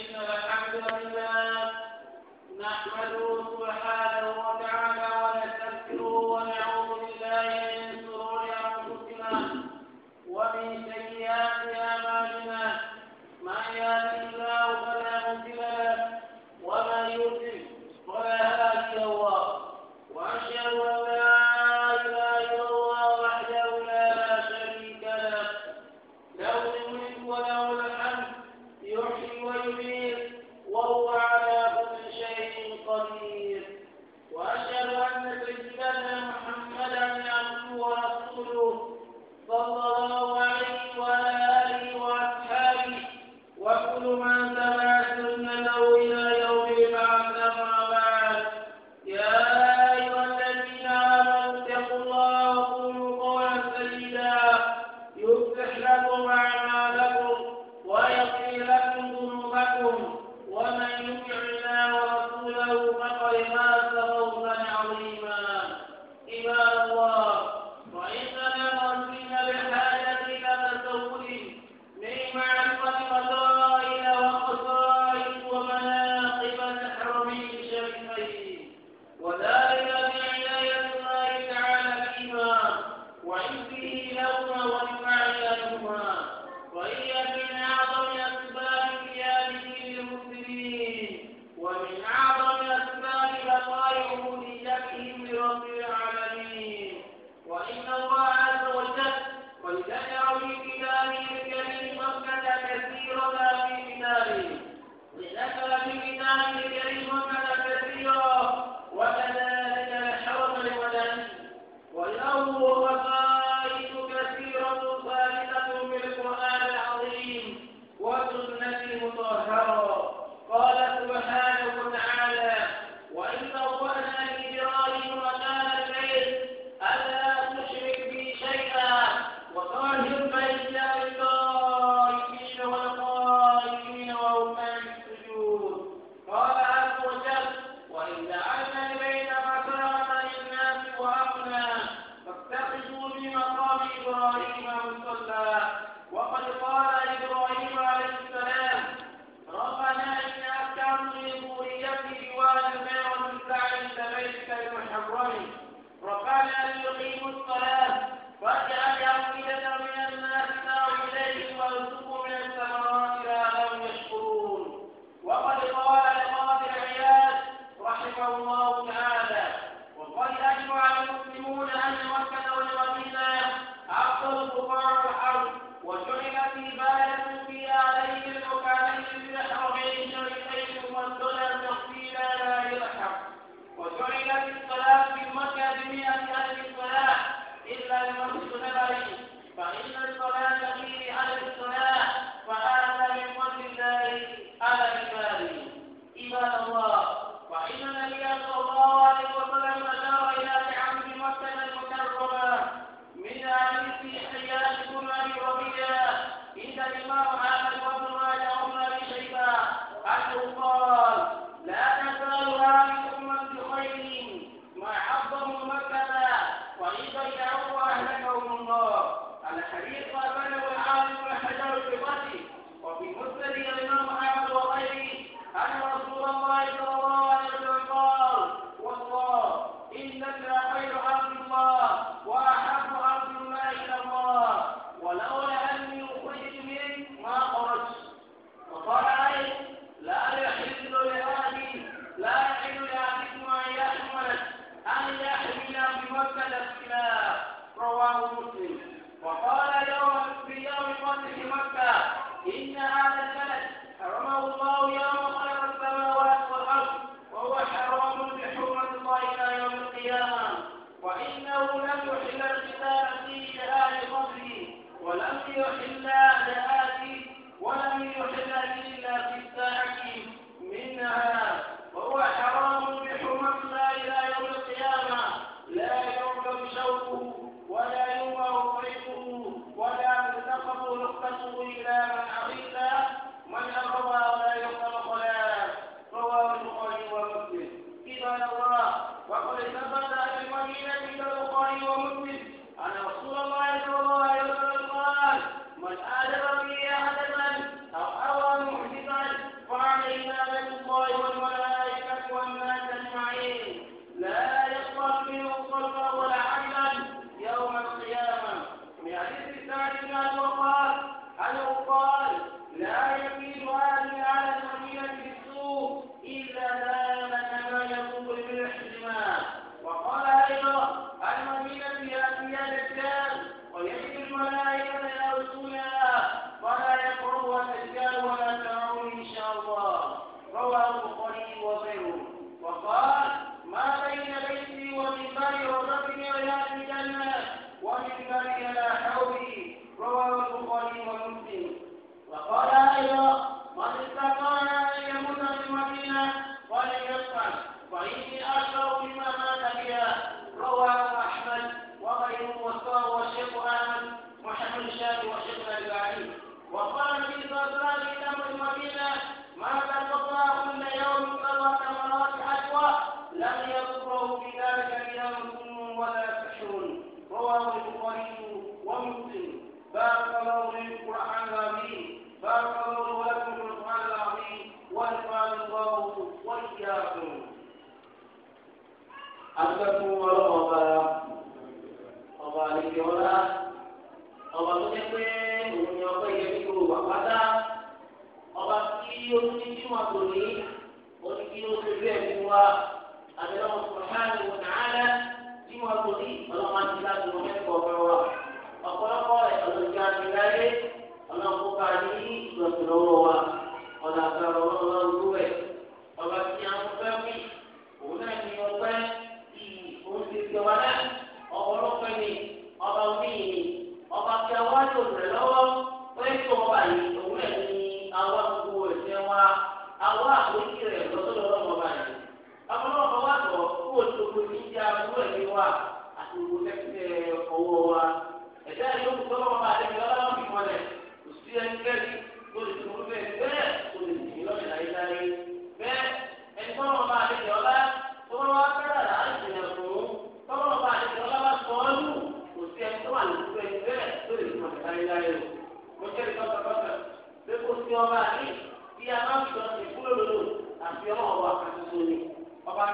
إن الحمد لله نحمده سبحانه وتعالى ما لكم ولا هم بشيئا أن الله àwọn àforíjì rẹ̀ lọ́sọ̀rọ̀ ọlọ́mọba yìí.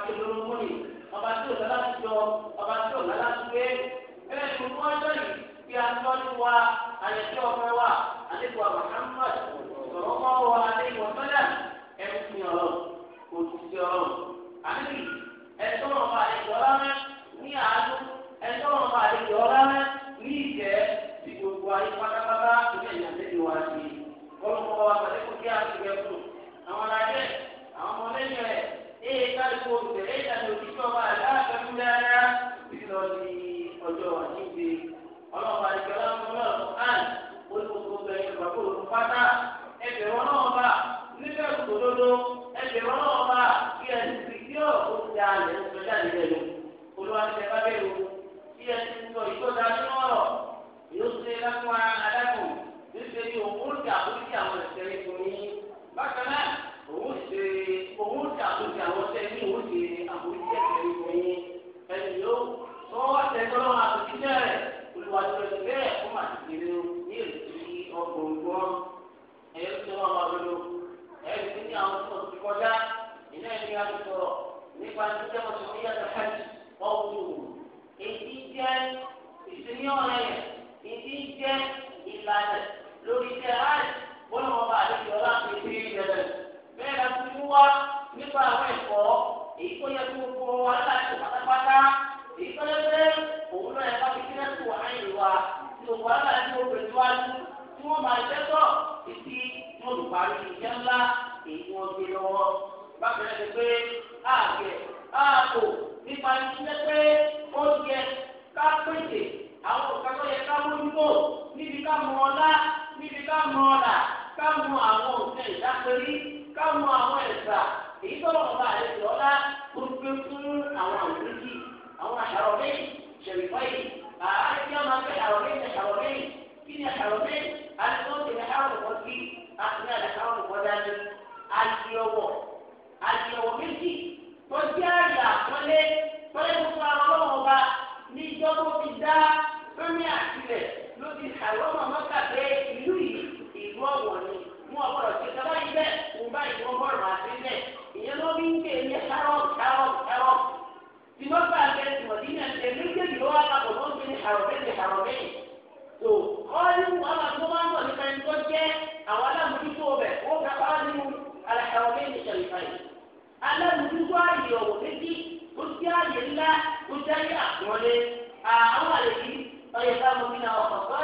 ti lórí múni ọba tí òlá láti jọ ọba tí òlá láti gbé bẹ́ẹ̀ ni fún ọjọ́ yìí bí a tọ́jú wa àyẹ̀tí ọ̀fẹ́ wa àdéhùn Muhammad sọ̀rọ̀ mọ́ wa àdéhùn ọ̀fẹ́lẹ̀ ẹ̀rù fi ọ̀rọ̀ òtútù ọ̀rọ̀ àbí ẹ̀tọ́ ọ̀fà àdéhùn ọ̀rá mẹ́ ní àánú ẹ̀tọ́ ọ̀fà àdéhùn ọ̀rá mẹ́ ní ìjẹ́ ti gbogbo ayé pátápátá ilé ìyàtẹ̀lẹ̀ wa ti kọ́lọ́kọ́ wa pẹ̀lú kí a ti gbẹ ee kálukú òṣèré ìlànà òṣìṣẹ́ ọba àdáàbẹ̀mú dáadáa ìlọ ní ọjọ́ àjíǹde ọlọ́ọ̀bà ìjọba ọlọ́ọ̀bà kan olùkókó bẹ̀rẹ̀ ìgbàgbọ́ òkú pátá ẹgbẹ̀rún ọlọ́ọ̀bà nígbà òdodo ẹgbẹ̀rún ọlọ́ọ̀bà kí ẹ ti kí ọ̀ ó ti da alẹ́ ìgbẹ́jà nílẹ̀ lọ olùwàṣẹ bá bẹ̀rù kí ẹ ti sọ ìgbọ́dá nínú ọ̀rọ̀ yóò O lápá adágún nítorí òun ó dà ó ní àwọn ẹ̀sẹ̀ ìkùnrin bákan náà òun ṣe òun ṣàtúnṣe àwọn tẹ ní òun ṣe àbójútó ẹgbẹ́ ìgbìmọ̀ ẹni ló tó ẹgbẹ́ lọ́wọ́ àtúnṣe rẹ̀ olùwàjọsọ bẹ́ẹ̀ fún àtìkiri ní èsì ọgbọ̀ngbọ̀n ẹ̀yẹ́ tó wọn máa lò ẹ̀yẹ́ tó ní àwọn tó ti kọjá ìná ẹ̀mí a ti sọ̀rọ̀ nípa ní sẹ́wọ̀n tó ní yàtọ̀ hajj ọ̀hún èyí jẹ́ ìsinmi ọ̀rẹ́ yẹn èyí jẹ́ ìlànà lórí jẹ́ hajj wọ́n lọ́wọ́ bá àdéhùn ọlá pèsè ìrẹ̀lẹ̀ bẹ́ẹ̀ la ti mú wa nípa àwọn ẹ̀kọ́ èyí tó yẹ kó gbogbo wa láti pátápátá èyí tó yẹ pé òun náà ẹ̀ka fi kíná sí wàhálà yìí wa tí o wà láti mú òkè síwájú tí wọ́n máa tẹ́tọ̀ títí wọ́n lù parí iṣẹ́ ńlá èyí wọ́n gbé lọ́wọ́ bákan náà ti pé àgbẹ̀ ààbò nípa iṣẹ́ pé ó yẹ ká pèsè àwọn òkè tó yẹ ká mójútó níbi ká mọ ọlá níbi ká mọ ọlà ká mọ àwọn òkè ìdápẹ́rí ká mọ àwọn ẹ̀sà èyí tọ́lọ̀ ọba àlejò ọlá tó gbé fún àwọn àwòrán àwọn àṣàròmí ṣèlúfọ́yì àárín ọmọ akẹ́ àròmí ní àṣàròmí kí ni àṣàròmí alùpùpù ní àwọn ọ̀pọ̀ sí àtúnyà ní àwọn ọ̀pọ̀ dání àdìọwọ̀ àdìọwọ̀ méjì tó jẹ́ àyà àpọ́nlé pẹ́lẹ́ gbogbo àwọn ọlọ́wọ́ ọba ní ìjọba wọn ọ̀pọ̀lọ̀ ti sábà yí bẹ́ẹ̀ òun báyìí wọ́n bọ̀rọ̀ àti ilẹ̀ ìyẹn ló bí ń ké ní harrod harrod harrod tí wọ́n bá abẹ́ mọ̀dínà ṣe méjèèjì ló wá papọ̀ tó ń gbé ní harrobẹ́ ní harrobẹ́ tó ọ́ọ́lù àwọn tó máa ń bọ̀ nípa ẹni tó jẹ́ àwọn alámòjútó rẹ̀ ó ga ọ́ọ́lù alaharobẹ́ ní sàlìfàyè alámòjútó ààyè ọ̀wọ̀ méjì ó jẹ́ ààyè ńlá ó jẹ́ àyè àpọ́nlé àwọn àlejò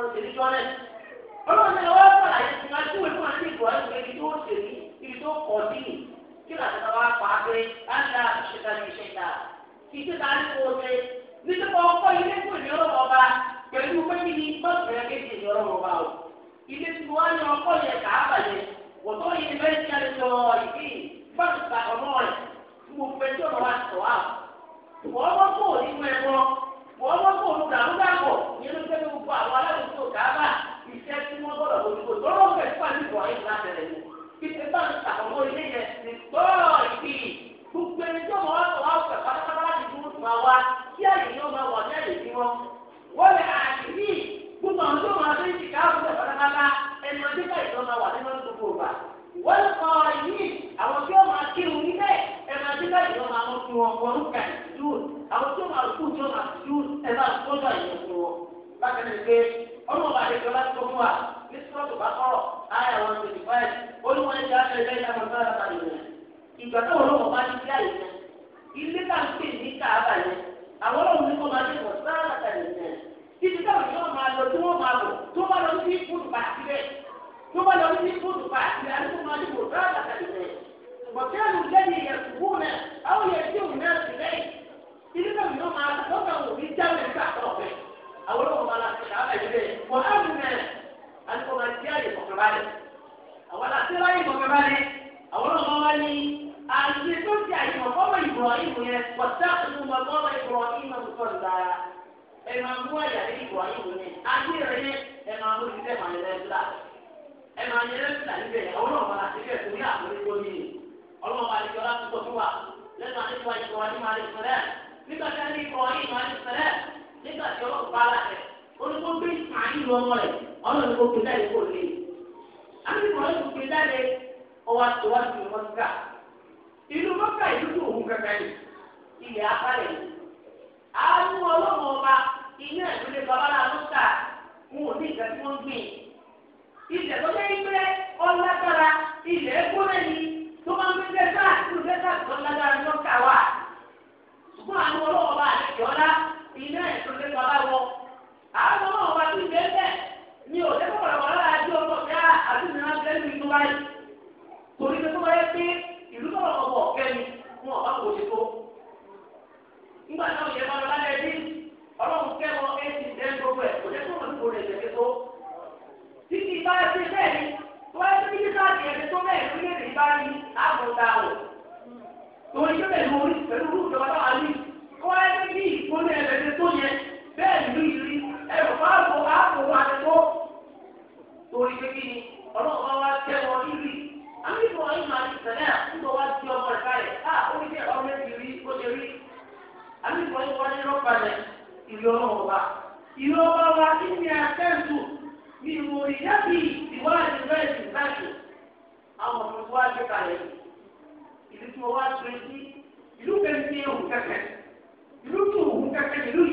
wọ́n ṣe ní jọ́nẹ̀. ọlọ́run ní ọwọ́ pọ̀ láyé tí wọ́n ṣúwèé fún àti ìbò àti ibi tó ṣe ní ibi tó kọ̀ sí ní kí làtàtà wá pa pé láńlá ìṣẹ̀dá ní ìṣẹ̀dá. ìṣe ta ní kó ṣe ní tí kò ilé fún ìní ọlọ́run ọba pẹ̀lú pé kí ni gbọ́dọ̀ kéde ìní ọlọ́run ọba o. ilé tí wọ́n ní ọkọ wọ́n wọ́n kò lù dàrú dàpọ̀ ìyẹn ló tẹ́lẹ̀ gbogbo àwọn aláwòsàn kàába iṣẹ́ tí wọ́n gbọ́dọ̀ lójúkò tọ́lọ́ fẹ́ fún àdìbò ayé láti rẹ̀ ní. ìṣe bá ń sàkóso ilé yẹn ní gbọ́ọ̀ ìdí gbogbo ẹni tó mọ̀ wá sọ wá sọ pátápátá láti dúró tó máa wá kí àyè yóò máa wọ̀ ní àyè tí wọ́n. wọ́n lè àyè yìí gbogbo àwọn tó máa fi ń ṣìkà wọ́n kọ́ yìí àwọn tí ó máa kírun níbẹ̀ ẹ máa dé báyìí lọ́wọ́ àwọn tí wọ́n wọ́n ń kà jùl àwọn tí ó máa kú tí ó máa jùl ẹ máa tó lọ ìyẹn fún wọn. bákan náà pé ọlọ́run bá dẹ̀kọ́ láti kọ́ fún wa ní sọ́ọ̀tù bá kọ́rọ̀ láyà wọn twenty five olúwa ẹ̀jẹ̀ á fẹ́ẹ́ lẹ́yìn àwọn ọ̀gá àtàlù yẹn. ìgbà tó olóhùn bá ti dí àyè yẹn ilé tá à ń pè ní káàbà yẹn àwọn ọlọ́run ní kó máa dé wọ̀ sáà àtàlù yẹn. títí táwọn yóò máa lọ tí ثم لو يكون فعلت لأنهم غالبوا فهذا خليفين وكانوا الذي يكتبون أو يأتيه الناس إليه إذا لم يوم على تفكروا في الجامع تحت ربه أو لهم على تشعب إليه وأما الكوميرسيالي مقبالي أو الأسرائي مقبالي أو لهم علي أنزلت يعني مقام إبراهيم واتخذوا مقام إبراهيم مصلى إمام هو يعني إبراهيم أخيرا إمام هو كتاب عن الإسلام ẹ máa yẹ lẹ́sìn náà níbẹ̀ ọlọ́run bá láti bẹ̀ torí àforíkó mi ọlọ́run bá lè jọlá púpọ̀ tó wà lẹ́nu àdéhùn wa ìṣòro àdéhùn àdéhùn sẹ́lẹ̀ nígbà tí a ní ikọ̀ àdéhùn àdéhùn sẹ́lẹ̀ nígbà tí ọlọ́run bá láti olùkó gbé àyìn lọ ọmọ rẹ̀ ọlọ́run kò gbé jáde kò lè àmì ìkọ̀rọ̀ ìlú gbé jáde ọwọ́ àtiwá ìlú mọ́tíkà ìlú mọ́tíkà ìlú tó òun kankan yìí ilẹ̀ apálẹ̀ yìí àwọn ọlọ́run ọba ilé ìdílé babaláwo ta wọn ò ìgbà tí wọ́n gbìn ilẹ̀ tó lé ìgbẹ́ ọlágbára ilẹ̀ ẹ̀kúnrẹ́ ni tó máa ń gbé dẹ́sà tó dẹ́sà tó lágbára ló kà wá. ṣùgbọ́n àwọn ọlọ́wọ́ bá àlẹ́ jọ́lá iná ẹ̀ tó lé bàbá wọ. àwọn ọlọ́wọ́ bá ti gbé bẹ́ẹ̀ ni ò lẹ́kọ̀ọ́ rẹ̀ wọ́n lára ju ọkọ̀ bí àdúgbò náà fẹ́ lu ìlú báyìí. torí pé tó bá yẹ pé ìlú náà ọ̀bọ̀ kẹ́ni wọn ọ̀bá kò ṣe tó. nígbà náà ìyẹn bá lọ lálẹ́ bí ọlọ́run kẹ́ wọn ẹ̀ ti títí ìbá ṣe bẹ́ẹ̀ ni wọ́n ti ní sáàtì ẹ̀ṣẹ̀ tó bẹ́ẹ̀ ló lè rí bá ní àbọ̀dá o. Torí pé pẹ̀lú orí pẹ̀lú rúùtù ọ̀dọ́ àlè wọ́n ti ní ìpínlẹ̀ ẹ̀ṣẹ̀ tó yẹ bẹ́ẹ̀ ló yìí ẹ̀rọ fáàbò ààbò wà tó. Torí pé kí ni ọlọ́wọ́ wa tẹ́ wọn níbi. Àmì ìfọ̀ ọ̀yìn máa ti sẹ̀lẹ̀ àtúntò wá sí ọmọ ìka rẹ̀ á orí jẹ́ ọmọ ẹ̀sìn rí ó lè rí. Àmì ìfọ̀ ọ̀yìn wọn ní rọ́pàlẹ̀ ìlú ọlọ́wọ́ wa. Ìlú ọlọ́wọ́ wa kí ni àtẹ́ǹtù من مريدته بواد البيت الفاتح أو من واد عليه إذا اسمه واد فرنسي يلوك أنتيه مكاكا يلوك هو مكاكا يلوك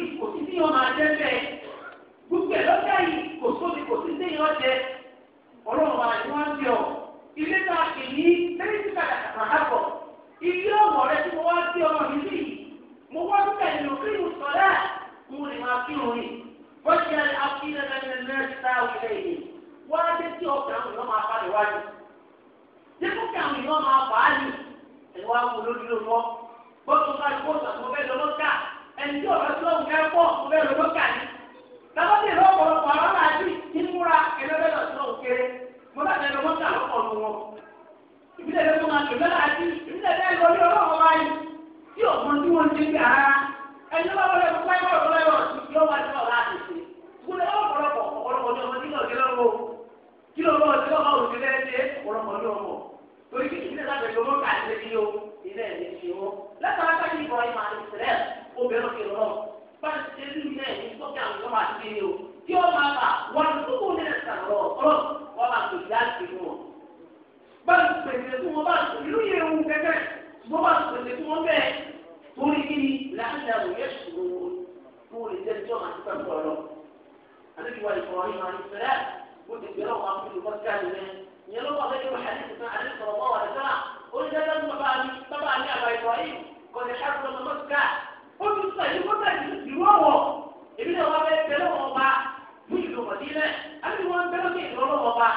lórí ló mọ́ gbọ́dọ̀ ká ìkó ìsàkó bẹ́ẹ̀ lọ́dọ̀ ká ẹni tí ọ̀rọ̀ tí wọ́n kẹ́ pọ̀ kó bẹ́ẹ̀ lọ́dọ̀ ká ní. tábọ́dé ló àwọn máa dì ní múra ẹlẹ́dẹ̀ lọ sí òun mo bá tẹ lọ́dọ̀ ká lọ́pọ̀ wọn. ìbílẹ̀ ló máa lò lọ́la àti ìbílẹ̀ bẹ́ẹ̀ lọ ní ọlọ́wọ́ báyìí tí ọ̀gbọ́n tí wọ́n ti gbà rárá ẹni bá wọlé fún báyìí wọ́n lọ́wọ́ yóò wá sí ọ̀la àtẹ̀sẹ̀ kúlẹ̀ ọ̀pọ̀lọpọ̀ kí lọ́wọ́ tí òṣèlú ẹ̀ ṣe ọ̀pọ̀lọpọ̀ ní ọmọ torí kí ìdílé láti ẹ̀jọ̀ mọ́ta àti o ilé ẹ̀mí ti wọ́n látara káyọ̀ ìbọn ìmọ̀ àti ìsìlẹ̀ obìnrin kìlọ̀ náà bá ti ṣe ní ilé ẹ̀mí sókè àwọn ọmọ àti ilé o tí ó máa bà wọn kúkú ní ẹ̀sán lọ ọ̀rọ̀ wọn máa tó yá sí wọn. bá ti pèsè fún wọn bá ti ìlú yẹn wù kẹ́kẹ́ wọn bá ti pèsè fún wọn bẹ́ẹ̀ torí kí ni láàrin àwọn yẹn onídàájọ́ ní bàbá mi bàbá mi àgbà ìwà yìí kọ̀dé ṣàkóso ọmọ ká ó ti sọ yìí kó tẹ̀ ìlú ọ̀wọ̀ èmi náà wá bẹ́ẹ̀ bẹ́ẹ̀ lọ́wọ́ ọba mú ìlú mọ̀dínlẹ̀ àbí wọ́n bẹ́ẹ̀ lọ́wọ́ ìlú ọlọ́wọ́ ọba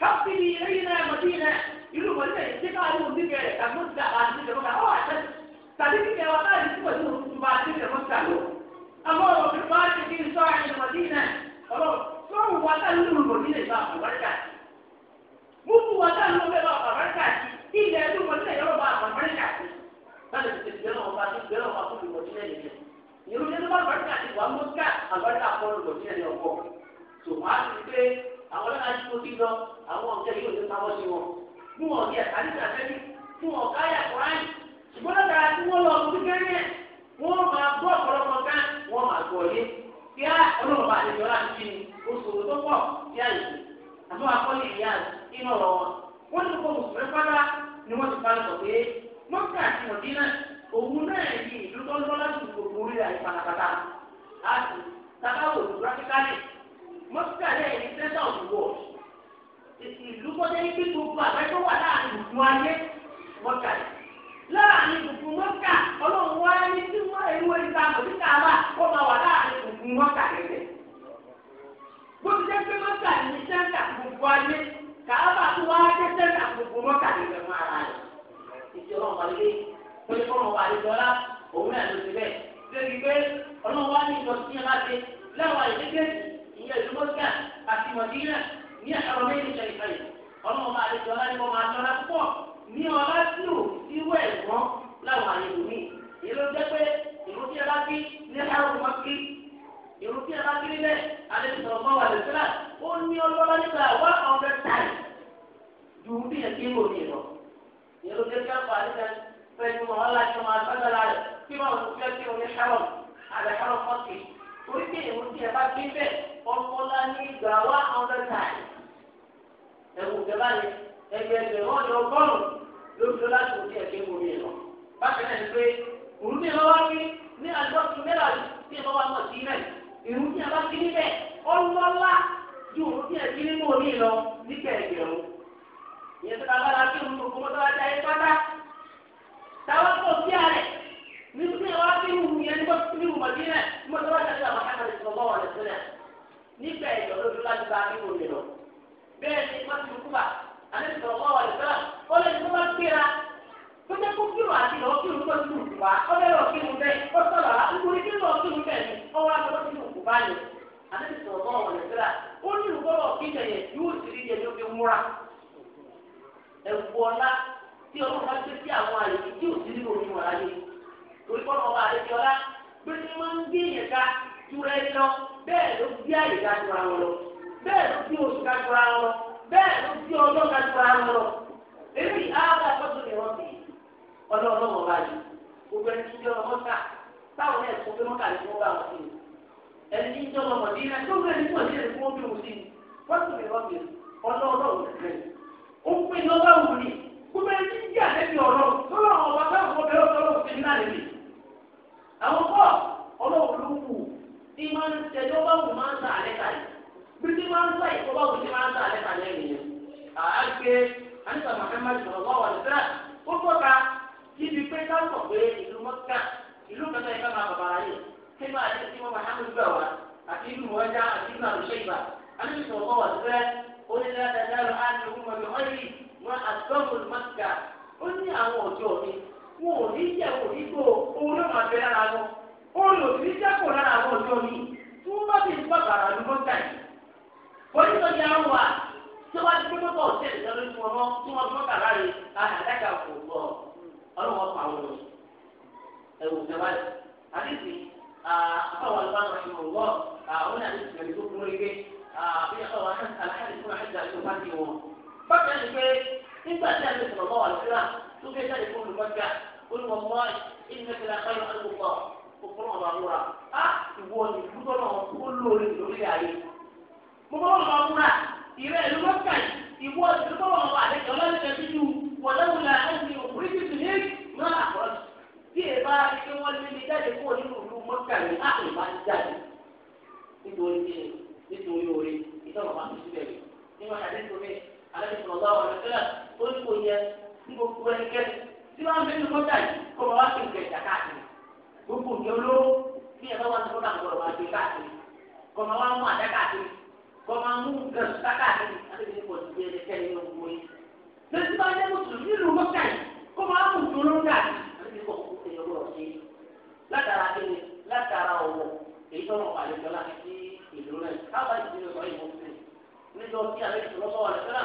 káfíìnì ẹ̀yìn náà mọ̀dínlẹ̀ ìlú mọ̀dínlẹ̀ yìí ṣé káwọn ọmọ nígbẹ̀ àgbọ̀nsá àti ìjọba ọ̀ àtẹ tàbí kíkẹ́ wa káàdì tí wọ́n ti wọ́n tún bá a ti ìjọba ń sàlọ̀ àwọn ọmọ mi máa ń ti kí n àgbàdo àkọlù kò ní ẹ̀yọ̀ pọ̀ tó máa ń pé àwọn ọlọ́dà tí mo ti lọ àwọn ọ̀gẹ́ yóò ní pamọ́ sí wọn mú wọn kí ẹ̀ka nígbà tẹ́lẹ̀ mú wọn ká yà kúrán ṣùgbọ́n lọ́dà tí wọ́n lọ ọdún kékeré wọ́n máa gbọ́ ọ̀pọ̀lọpọ̀ ká wọ́n máa gbọ́ yé kí á ọlọ́run bá àlejò ọlá ti ní oṣù tó pọ̀ kí á yìí àti wọn akọ́lé ìyá inú ọ̀rọ̀ wọn wọ́n ní kó mùsùlùmí pátá ni wọ́n ti bá lọ pé mọ́tò àti mọ̀dínà òun náà yìí ìlú tó ń lọ́lá ju gbogbo orí àyípadà pátá láti sábàwò practically mọ́síkà lẹ́yìn ní sẹ́ńtà òdùwọ̀ ìlú kọ́tẹ́ ní kí gbogbo àgbẹ̀tọ́ wà láàrin gbogbo ayé mọ́síkà láàrin gbogbo mọ́síkà ọlọ́run wá ní tí wọ́n ewé ìta mọ̀síkà wà kó máa wà láàrin gbogbo mọ́síkà kẹ̀kẹ́ gbogbo jẹ́ pé mọ́síkà ní sẹ́ńtà gbogbo ayé kàábà tó wá jẹ́ sẹ́ńtà gbogbo mọ́síkà kẹ̀kẹ́ fún ara rẹ̀ ìṣèlú ọ̀pọ̀ débi pé ọlọ́run wá ní ìjọsìn yẹn láti lẹ́wọ̀n ìdíkejì ìyẹn ìlú mọ́tíkà àti mọ̀dínà ní ẹ̀rọ méjì ṣe ìfẹ̀yìn ọlọ́run máa lè jọlá ní wọ́n máa jọlá púpọ̀ ní ọlá tí ò sí wẹ̀ ẹ̀gbọ́n láwọn àyẹ̀wò mi ìlú jẹ́ pé ìlú tí ẹ bá kí ní ẹ̀rọ mọ́tíkì ìlú tí níbẹ̀ alẹ́ sọ̀rọ̀ mọ́ times ju bí ẹ̀ kí ń wò ní ìlọ pẹ̀lú ọ̀la ṣe máa lágbára rẹ̀ kí wọ́n ti fẹ́ kí oní ṣàrọ̀ àrẹ̀ ṣàrọ̀ fọ́ọ̀kì. orí kí èèwọ̀ tí ẹ bá gbé bẹ́ẹ̀ ọkọ̀ ńlá ní ìgbà wá ọ̀dọ̀ tàì. ẹ̀wù ìjọba yẹn ẹgbẹ́ ẹgbẹ̀rún ọ̀dọ̀ ọgọ́rùn-ún ló ń lọ láti òkè ẹ̀kẹ́ omi ẹ̀ lọ. bákan náà ni pé òun ní ìlọ́wọ́ rí ní àjọṣin mẹ́rà tí ìlọ́wọ́ àmọ̀ sí rẹ̀ ìrù tí a bá gbé níbẹ̀ ọlọ́lá ju òun tí ẹ̀ gbé nínú omi lọ nígbà ẹgbẹ̀rún. ìyẹn tó ká bára kí òun kò kó mọ́tò ajá yẹn pátá táwọn kò sí àrẹ nínú pé wọ́n á fi wù yẹn nígbà tó fi wù mọ̀ nílẹ̀ nígbà tó wà jáde àwọn àmàlẹ̀ tó mọ̀ wọ̀lẹ̀ sílẹ̀ nígbà ìjọ lójú láti bá nínú rẹ̀ lọ. bẹ́ẹ̀ ni wọ́n ti kú bá àlẹ́ tó mọ̀ wọ̀lẹ̀ sílẹ̀ ó lè tó bá gbéra tó jẹ́ kó kírun àti lọ́ọ́ kírun tó ti wù wá ó lè lọ́ọ́ kírun bẹ́ẹ̀ ó sọ̀rọ̀ á nítorí kí lọ́ọ́ kírun bẹ́ẹ̀ ni ó wá lọ́ọ́ tí ọlọ́run bá gbé sí àwọn àyè tí ò sí nínú omi wọn láyé torí kọ́ ọmọ àyè ti ọlá pé kí wọ́n ń gbé èèyàn ká ju ẹni lọ bẹ́ẹ̀ ló gbé àyè ká ju ara wọn lọ bẹ́ẹ̀ ló gbé oṣù ká ju ara wọn lọ bẹ́ẹ̀ ló gbé ọjọ́ ká ju ara wọn lọ èmi ààbà àkọ́tù ni wọ́n fi ọlọ́run ọba yìí gbogbo ẹni tí ọlọ́run mọ́ta táwọn náà kó pé mọ́ta ni wọ́n bá wọn sí ẹni tí ìjọ ọmọ mọ̀dé tó bẹ́ẹ̀ ni wọ́n ti rẹ̀ fún ọdún òsì wọ́n tún lè rọ́ọ̀bì ọlọ́run ọ̀gbìn ó pín lọ́wọ́ òwúrì gbogbo ẹni tí ń jẹ́ àlẹ́bí ọ̀rọ̀ tó lọ́wọ́ ọba táwọn ọmọ bẹ̀rẹ̀ ọ̀tọ́ lọ́wọ́ sí náà lẹ́bí. àwọn kọ́ ọlọ́wọ́ ló wù ní máa ń tẹjọ́ bá wù máa ń sa àlẹ́ kalẹ̀ bí ti máa ń sa ìkọ́ bá wù ti máa ń sa àlẹ́ kalẹ̀ nìyẹn. àáké anisa Muhammad sọ̀rọ̀ wá wà lẹ́sẹ̀ ó tọ́ka síbi pé ká sọ pé ìlú mọ́ká ìlú kẹta ìfẹ́ máa bàbá ayé kí máa ti ti mọ́mọ́ hàn gbà wá àti ìlú mọ́já àti ìlú àrùṣẹ́ ìbà anisa sọ̀rọ̀ wá wà lẹ́sẹ̀ wọn àtọ́mù mọ́tà ó ní àwọn ọ̀dọ́ mi wọn ò ní jẹ́ kò ní kó owó náà máa bẹ lára wọn òun jẹ́ kó lára àwọn ọ̀dọ́ mi tí wọ́n bá ti ń bá bàrà ní mọ́tà yìí. wọ́n ní sọ́jà ń tí wọ́n ti ní tí wọ́n kò gbọ́ ọlọ́wọ́ bákan ní pé nígbà tí a lè sọ̀rọ̀ bá wà síra tó fẹ́ jáde fún olùkọ́jà olùkọ́mọ́ ìdílẹ́sẹ̀lá káyọ̀ alùpùpọ̀ òfin ọ̀rọ̀ àwòrán á ìwọ ni gbúdọ̀rọ̀ ó lóore lórí ayé mo bá wọn wúra ìrẹ́ ìlú mọ́kà ìwọ ìlú bá wọn wà lẹ́kẹ̀ ọlọ́dẹ̀ bíjú wọ̀lẹ́wùlà ẹ̀sìn òkúrí títí ní náà àkọ́ tí ẹ bá rí pé wọ́n lé mi jáde kúrò nínú ìlú mọ́kà ní àpè máa ń jáde nítorí nítorí oore ìtọ́nà máa ń fi síbẹ̀ nínú àdéhùn mi alẹ́ sọ̀rọ̀ bá wà lọ́sẹ̀lẹ̀ ó ní kò yẹ ní gbogbo ẹnikẹ́ni tí wọ́n ń bẹ ní kọ́tà yìí kó máa wá sí nǹkan ìjà káàkiri gbogbo nǹkan olóró bí ẹ bá wà ní kọ́tà gbọ́dọ̀ máa gbé káàkiri kó máa wá mú àdá káàkiri kó máa mú nǹkan ìjà káàkiri alẹ́ ní kò sí ẹnikẹ́ni ní gbogbo yìí. lẹ́sìn bá jẹ́ mùsùlùmí nínú kọ́tà yìí kó máa mú nǹkan olóró káàkiri alẹ́ ní kò sí ẹ̀yọ́ bọ̀ ṣe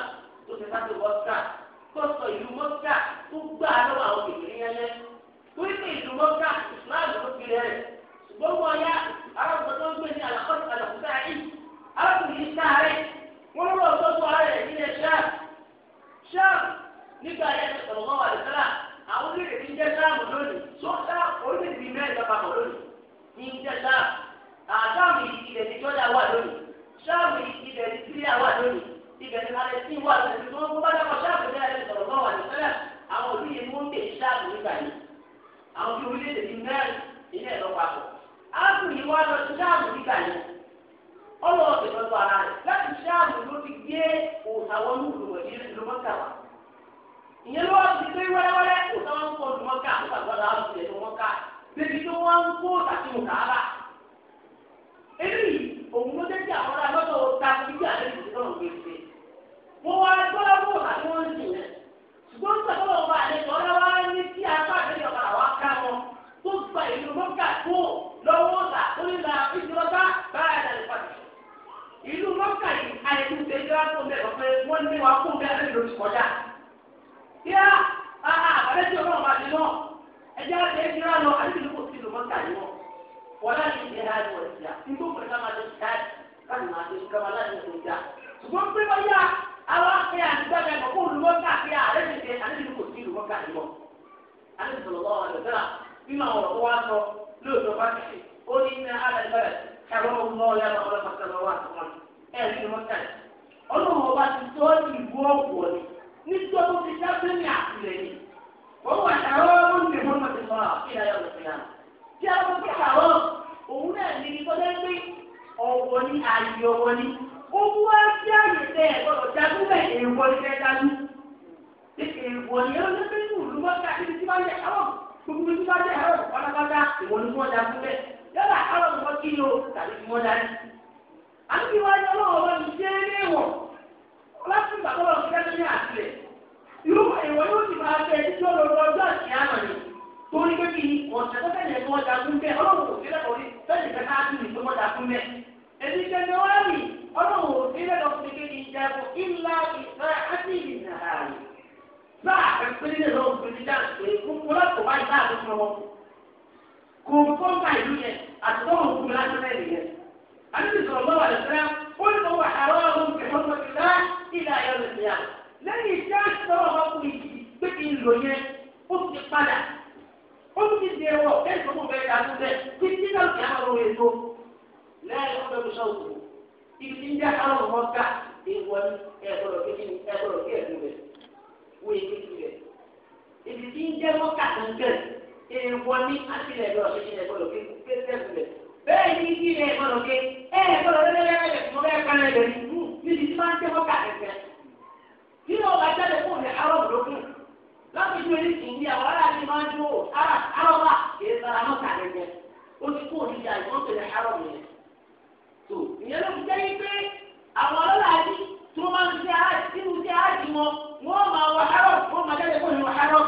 tó ti sáté mọ́tà tó sọ ìlú mọ́tà tó gbà lọ́wọ́ àwọn kèké yẹn lẹ́ wípé ìlú mọ́tà owó ní ààyè owó ní gbogbo wa àyè tẹ gbọ́dọ̀ jagun bẹ èèwọ̀ ìfẹ́ èèwọ̀ ni ó lé pé ìlú mọta ibi tí wọn yẹ àwọn gbogbo tí pátápátá ni ẹni kẹjọ wá rì ọlọ́run ò sí lẹ́nu ọkùnrin kejì ìjagun ìlà ìfà àti ìrìnà ààrẹ sáà ẹgbẹ́ni náà ń gbèdé dáńtò ìkókó látò bá ìlà àdúgbò wọn kò kọ́ńtà ìlú yẹn àtọ́wọ̀n kú láti rẹ̀ yẹn àdúgbò sọ̀rọ̀ bá wà lẹ́sẹ̀rẹ́ ó ní owó àárọ̀ ọ̀hún kẹfọ́ pẹ̀lú ìlà ayọ̀lẹ̀ nìyà lẹ́yìn ìjà sọ̀rọ̀ ọkùnrin ti padà ó ti dèrò kẹ́sìmọ́ bẹ́ẹ̀ dàdú bẹ́ẹ̀ títí náà láàyè ó bẹ̀rù sọ̀tù ibi tí ń jẹ́ àwọn ọmọ ká èèwọ̀ ni ẹ̀kọ́rọ̀ kékeré ẹ̀kọ́rọ̀ kékeré rẹ̀ wọ èyí kékeré ibi tí ń jẹ́ mọ́kà kankan èèwọ̀ ni àtìlẹ̀ ẹ̀kọ́rọ̀ kékeré ẹ̀kọ́rọ̀ kékeré rẹ̀ bẹ́ẹ̀ ni kí ni ẹ̀kọ́rọ̀ ké ẹ̀kọ́rọ̀ lẹ́lẹ́lẹ́lẹ́ mo bẹ́ẹ̀ kan rẹ̀ ní níbi tí máa ń jẹ́ mọ́kà kankan kí ni ọba jáde fún mi arọ́ burúkú láti ju eré ìdí àwọn aráàlú máa ń dúró arọ́bà kì í sara mọ́kà kankan ó ti kó òdìjà ìmọ̀tẹ̀lẹ̀ arọ́ mi tó ìyẹn ló fi jẹ́ yí pé àwọn ọlọ́làájì tí wọ́n máa ń ṣe ájì nínú ṣe ájì wọn wọ́n máa wọ harọ́ wọ́n máa jáde harọ́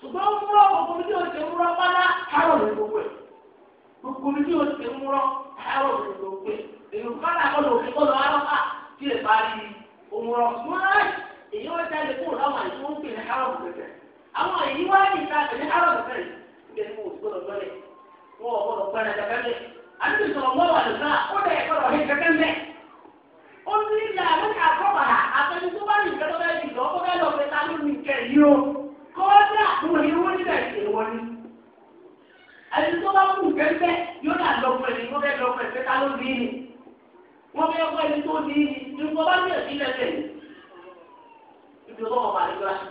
ṣùgbọ́n gbogbo mi tí o ṣe harọ́ gbogbo ẹ̀ gbogbo mi tí o ṣe harọ́ gbogbo ẹ̀ èyí kọ́ ló fi kọ́ lọ harọ́ pa lè parí òmùrọ̀ èyí wọ́n jáde àti sọ̀rọ̀ mọ́ wà lọ́sà ó dẹ̀ ẹ̀kọ́rọ̀ ọ̀hìn kẹ́kẹ́ ń bẹ́. ó ní ilà lókè àkọ́bàrà àtẹni tó bá nìkan tó bẹ́ẹ̀ jùlọ ó bẹ́ẹ̀ lọ fẹ́ ta ló ní kẹ́ yìí o kọ́ọ́dà wọn ni wọ́n níbẹ̀ ṣe wọ́n ni. ẹni tó bá kù kẹ́kẹ́ yóò dà lọ́pọ̀ ẹni tó bẹ́ẹ̀ lọ́pọ̀ ẹ̀fẹ́ ta ló ní ni. wọ́n bẹ́ẹ̀ kọ́ ẹni tó ní ni nígbà bá bẹ̀rẹ̀ sí lẹ́sẹ̀ ni. bá ní gbá sí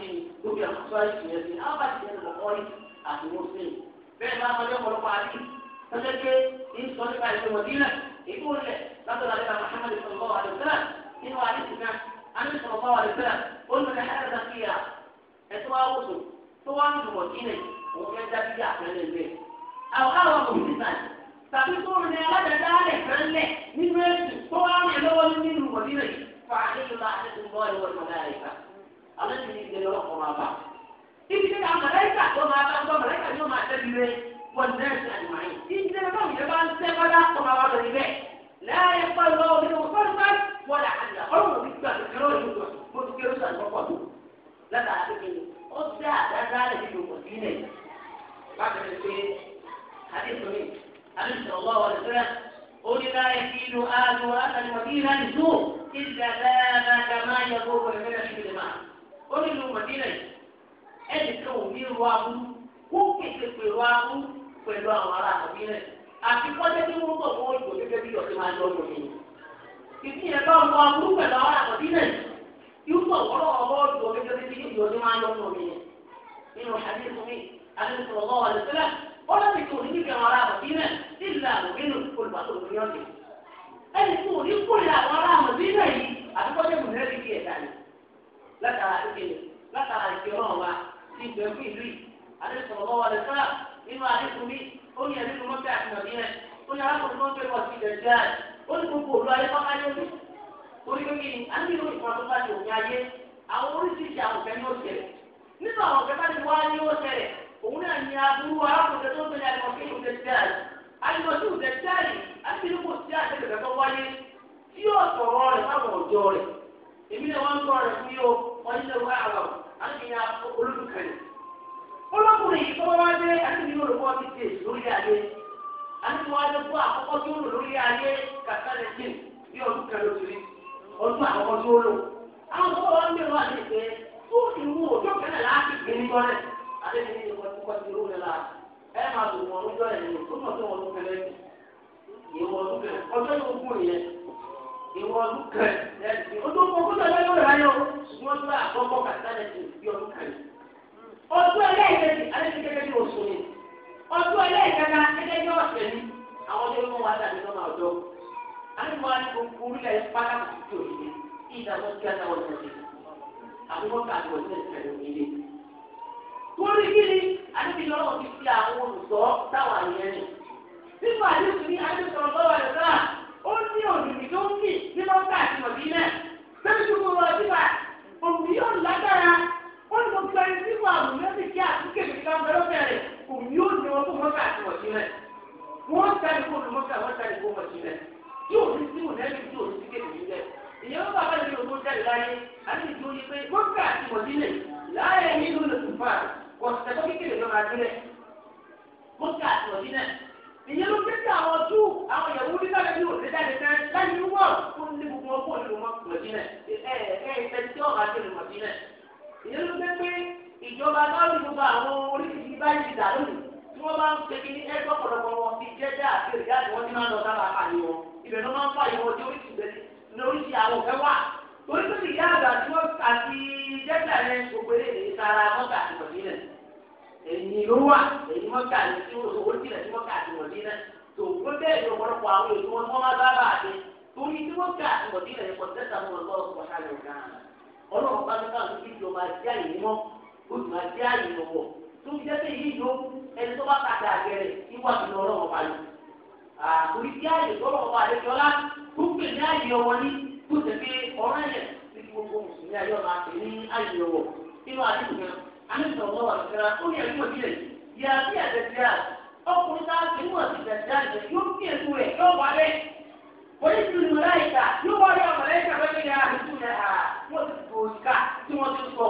ni فذلك إن صلى على المدينة يقول نقل عليها محمد صلى الله عليه وسلم إنه عليه أن صلى الله عليه وسلم قلنا لحالة فيها أسوأ وصول سواء من المدينة ومن ذلك أحسن البيت أو أو مهتمان tàbí tó rìn ẹ̀rọ dàda rẹ̀ fẹ́lẹ̀ nínú ẹ̀sìn tó wá rìn lọ́wọ́ nínú mọ̀dínà yìí fa àdéhùn àdéhùn bọ́ ìwọ ìmọ̀lá rẹ̀ ká alẹ́ ti ní ìgbẹ́ lọ́wọ́ kọ́ máa bá ibi tí àwọn mọ̀lẹ́kà tó máa bá ń bọ́ mọ̀lẹ́kà yóò máa tẹ́lẹ̀ والناس أجمعين إن لم يبقى أنت ولا قمر الرباء لا يقبل الله منه فرضا ولا حدا عمره بيتبع الكروج مذكر سأل فقط لا تعرفين أبدا أنا في المدينة بعد الشيء حديث من النبي صلى الله عليه وسلم قل لا يكيل آل وأهل المدينة لسوء إلا ذاب كما يضر الملك بالماء قل المدينة أنت كون من واقو كون كتب واقو pẹ̀lú àwọn ará àbí rẹ̀ àti kọ́jẹ́ tí wọ́n bọ̀ fún òyìnbó gẹ́gẹ́ bí ọ̀sẹ̀ máa lọ lòdì. ìdí yẹn bá wọn mú pẹ̀lú àwọn àbí rẹ̀ yúbọ̀ wọ́rọ̀ ọ̀bọ̀ òyìnbó gẹ́gẹ́ bí ọ̀sẹ̀ máa lọ lòdì. nínú àdéhùn mi àdéhùn sọ̀rọ̀ lọ́wọ́ àdéhùn látara ìkẹlẹ̀ látara ti gbẹ̀mí ìlú yìí àdéhùn sọ̀rọ̀ lọ́wọ́ àdéhùn nínú àdéhùn mi ó ní ẹ̀mí gbogbo àti nàbí rẹ̀ ó ní arákùnrin tó ń pè wọ́n ti dẹ̀dẹ̀ àì ó ní gbogbo òlu ayé kọ́ká ní ojú orí pé kí ni a nílò ìfọ̀n tó bá ti òfin ayé àwọn oríṣiríṣi àwọn ọ̀fẹ́ ní òṣèlè nínú àwọn ọ̀fẹ́ bá ti wá ní òṣèlè òun náà ní aburú arákùnrin tó ń pè ní àdéhùn mi dẹ̀dẹ̀ àì àdéhùn mi dẹ̀dẹ̀ àì àti nínú kò sí àdéhùn tó wáyé tí yóò sọ̀rọ̀ rẹ̀ fáwọn ọ̀dọ́ rẹ̀ èmi náà wọ́n ń sọ̀rọ̀ rẹ̀ fún yóò wọ́n nílò wá àwọn àti ìyá olólùkẹ́ni ọlọ́kùnrin yìí kọ́ wá dé àtìmí olùkọ́ ti dé lórí ayé àtìmí wá dé fún àkọ́kọ́ tí ó lò lórí ayé kàtà lè dé bí ọdún kan ló tiri ọdún àkọ́kọ́ tí ó lò àwọn ọkọ̀ wa ń bẹ̀rù àti ìgbẹ́ tó ìwú òjò kẹlẹ̀ láti gbé ní bọ́lẹ̀ àtìmí ní ìkọ́ ti rú nílá ẹ máa dùn wọn lójọ́ ẹ̀ ní tó mọ̀ tó wọn lókè lẹ́yìn ìwọ ọdún kẹ ọjọ́ yóò gùn yẹn ìwọ ọdún kẹ ọdún kọ ọdún ẹlẹ́ẹ̀kejì alẹ́kẹ́kẹ́ ní oṣù ni ọdún ẹlẹ́ẹ̀kẹta gẹ́gẹ́ ní ọ̀sẹ̀ ni àwọn tó mú wa dàbí lọ́mọ ọ̀dọ́ alẹ́mọ alẹ́kọ̀ọ́kọ́ orílẹ̀ ìpàdà kùtù òyìnbí ìdáná kí á náwó ìtọ́jú àbúkọ́ káàdì ọ̀sẹ̀ ìtẹ̀lẹ̀ òyìnbí. torí kí ni alẹ́bí lọ́wọ́ ti fi àwọn olùsọ táwọn àyẹ̀ rẹ̀ nípa àdéhùn ní adéṣọ lọ́wọ́ ẹ̀ náà ó ní òdìdí tó ń kì ní mọ́tà àti mọ̀bí náà kan bẹ̀rẹ̀ fẹ́rẹ̀ kò ní ó ní wọn kó mọ́kà àti wọ̀sí rẹ̀ wọ́n sáré kó mọ́kà wọ́n sáré kó wọ̀sí rẹ̀ tí ò ní sí ònẹ́lì tí ò ní sí kéde nílẹ̀ ìyẹn wọn bàbá mi ò tó jáde láyé àti ìdí oye pé mọ́kà àti wọ̀sí rẹ̀ láyé nínú lòtùfà ọ̀sẹ̀ tó kékeré lọ́ra sílẹ̀ mọ́kà àti wọ̀sí rẹ̀ ìyẹn ló dé sí àwọn tú àwọn ìyàwó ní sáré bí òde jáde tán láti ní wọ́ọ̀ kó ní gbogbo ọkọ̀ òṣèlú mọ́kà wọ̀sí rẹ̀ ẹ̀ ẹ̀ ẹ̀ ìfẹ́ tí ọ̀ ìjọba dáhùn gbogbo àwọn oríṣiríṣi báyìí dà lónìí tí wọ́n bá ń pe kí ní ẹgbẹ́ ọ̀pọ̀lọpọ̀ wọn ti jẹ́jẹ́ àti ìyá àti wọ́n ti máa ń lọ sábà pàdé wọn ibẹ̀ ló máa ń fà yìí wọn tí oríṣiríṣi bẹ̀rẹ̀ ní oríṣi àwọn ọ̀fẹ́ wà torí pé ìyá àgbà tí wọ́n àti jẹ́jẹ́ rẹ̀ gbogbo eléyìí sára mọ́tà àti mọ̀dínà èyí ló wà èyí mọ́tà àti tí wọ́n ti rẹ̀ sí mọ́tà àti mọ̀dínà tó gbogbo ẹ̀ lọ́pọ̀lọpọ̀ àwọn èyí wọn wọ́n máa bá bá àdé torí tí wọ́n kà àti mọ̀dínà yẹn kọ̀ òtún àti àyè lọ́wọ́ tó ń jẹ́ pé yìí ló ẹni tó bá kàdà àgẹ̀rẹ̀ ìwà tó lọ́rọ̀ wọn balẹ̀. àkùrí tí àyè tó lọ́wọ́ àdéjọ́lá tó ń pè ní àyè ọwọ́ ní tó tẹ̀ pé ọ̀rẹ́ yẹn ti fi gbogbo mùsùlùmí ayé ọ̀la pè ní àyè ọwọ́ nínú àdéhùn yẹn àdéhùn ọ̀wọ́ àdéjọ́lá ó ní ẹ̀jú òdìrẹ̀ yà bí àdéjọ́lá ọkùnrin tá a ti mú àdéjọ́lá yóò fi èso rẹ̀ yóò wálé wọ́n ti lu láìka yóò wá rí àmàlẹ́kà lọ́jọ́ yà á lùtù yà á ti gbòòkà tí wọ́n ti sọ.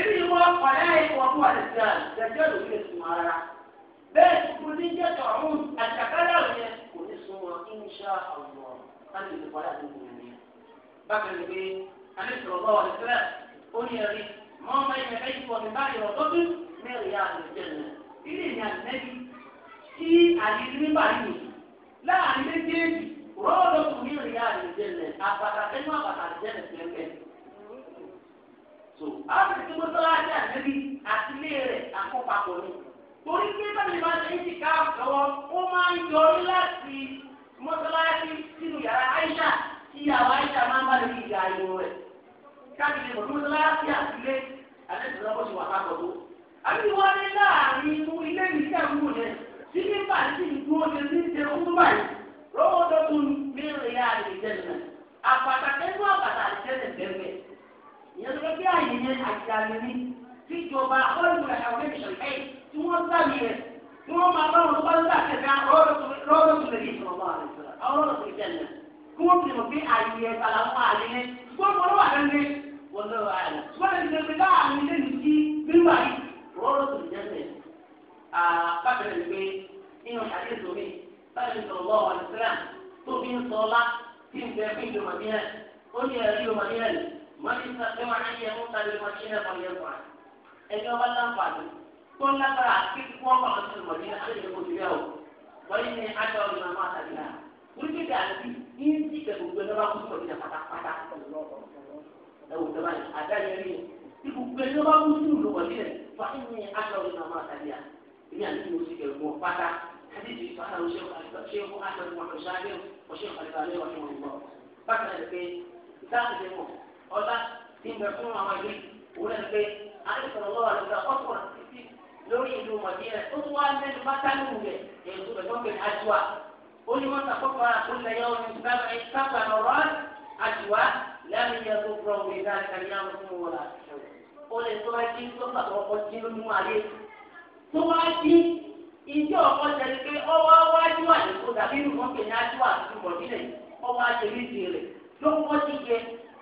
Èmi ọ̀láyé wọn wà lẹ́sẹ̀ àjẹjọ́ ló lè sùn ara bẹ́ẹ̀ kò ní jẹ́ tọ̀hún àtàkárà yẹn kò ní sun wọn insha Allah láti lè padà tó wù mí. bákan ní pé alẹ́ sọ̀rọ̀ bá wà lẹ́sẹ̀ ó ní ẹ̀rí mọ́ ọmọ yẹn fẹ́ yíwọ́ mi báyìí ọ̀tọ́tù mẹ́rin yá àlùjẹ́ nù. ilé ìyá nẹ́bí tí àyíní ní báyìí láàrin méjèèjì rọ́ọ̀lọ́tù mẹ́rin yá àlùjẹ́ so àwọn ti ti gbọ́dọ̀ láti ànábi àtìlé rẹ̀ àkópapọ̀ ni torí pé báyìí máa ṣe ń ti ká lọ́wọ́ ó máa ń yọrí láti mọ́sálásí sínú yàrá Aisha ìyàwó Aisha máa ń bá lè fi ìyá ayò rẹ̀ káàkiri mọ̀ mọ́sálásí àtìlé àtẹ̀sí lọ́wọ́ ṣe wà káàkọ̀ tó. àbí wọ́n ní láàrin inú ilé mi tẹ̀ wù yẹn tí ní bàtí ìdúró ṣe ní ṣe ń báyìí ìyẹn ló bí àyè yẹn àti àyè mi tí ìjọba ọ̀rùn rẹ̀ àwọn ẹ̀ṣẹ̀ ẹ̀ tí wọ́n sàmì rẹ̀ tí wọ́n máa bá wọn wọ́n sà kẹta lọ́dọ̀ tó lè yí ìṣọ̀rọ̀ àwọn ọ̀rọ̀ tó jẹ́ nà kí wọ́n fi mọ̀ pé àyè yẹn kàlà fún àyè yẹn wọ́n mọ̀ lọ́wọ́ àlẹ́ ní wọ́n lọ́wọ́ àyè wọ́n lè ṣe pé láàrin ilé mi kí bíwá yìí ọ̀rọ̀ tó jẹ́ nà àbábẹ̀rẹ̀ pé nínú àdéhùn mi báyìí sọ̀rọ̀ lọ́wọ́ àlùfẹ́ràn tó fi ń sọ ọlá tí ń bẹ fún ìjọba ó ní ẹ̀rí wọ́n ti sọ pé wọ́n á yẹ mú tàbí wọ́n ṣe lẹ́kọ̀ọ́ lẹ́kọ̀ọ́ ẹni ọba láǹfààní tó lágbára àti wọ́n kọ́ ọ̀sán ìmọ̀lẹ́ àtẹ̀lẹ́ kò sí ẹ̀wọ̀ wọ́n ní adé ọ̀rọ̀ náà máa tàbí náà wọ́n ti dà sí yín sí ìgbàgbọ́ lọ́wọ́ kó sọ̀rọ̀ ìjà pátápátá ẹ̀wọ̀ tẹ́lá yìí ní adé ọ̀rọ̀ náà máa tàbí náà ní mo sì gbẹ̀gbọ́ pátá àdéhùn ìfàhà òṣèlú àti ìfàhà òṣèlú àti ìfàhà òṣèlú àti ìfàhà ọlá tí ń bẹ fún àwọn ìlú òun náà pé àìsàn ọlọ́wà lọ́dà ọ̀pọ̀ títí lórí ìlú mọ̀dínà ó tún wá mẹ́nu bá tánú rẹ̀ èyí tó bẹ̀ tó ń bẹ àjùwà ó ní wọ́n sàkóso àkóso ẹ̀yọ́ ọ̀run sábà ọ̀rọ̀ àjùwà lẹ́nu yẹn tó gbọ́ òwe láti kàlí àwọn tó ń wọlé ó lè tó wáá dín tó pàtó ọkọ̀ dín ló mú alẹ́ tó wáá dín ìjọ ọkọ̀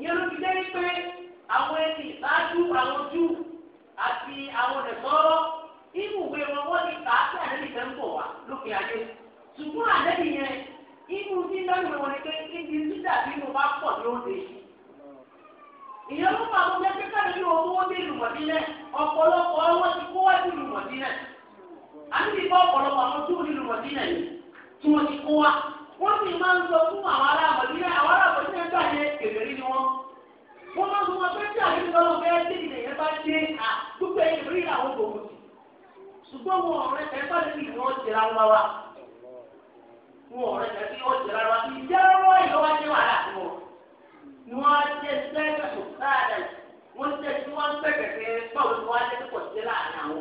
ìyẹn ló ti jẹ́ pé àwọn ẹni ìsáájú àwọn jù àti àwọn ẹ̀sọ́rọ́ ìmùwé wọn wọ́n ti kà á sí àdébì tẹ́ ń bọ̀ wá lókè ayé ṣùgbọ́n àdébì yẹn inú tí lẹ́nu wọn ni pé ibi títà bí mo bá pọ̀ ní òde ìyẹn ló fà wọn jẹ́ káàdé bí wọn kówó dé ìlùmọ̀dí náà ọ̀pọ̀lọpọ̀ wọn ti kówó dé ìlùmọ̀dí náà àbí ti bá ọ̀pọ̀lọpọ̀ àwọn tó ní wọ́n sì máa ń sọ fún àwọn aláàbọ̀dínlẹ̀ àwọn aláàbọ̀dínlẹ̀ gbà yẹ kèfèrí ni wọ́n. wọ́n máa ń sọ wọn pé tí àlejò lọ́wọ́ fẹ́ dé ilẹ̀ yẹn bá dé à gbogbo ẹ̀yìn rí àwọn gbòòrò sí. ṣùgbọ́n wọn ọ̀rẹ́ ẹ̀ bá dé ìlú wọn jẹ̀ra wọn wá. wọn ọ̀rẹ́ ẹ̀ bí wọ́n jẹ̀ra wọn ìjẹ́ lọ́wọ́ ìlọ́wọ́ jẹ́ wàhálà fún wọn. wọ́n á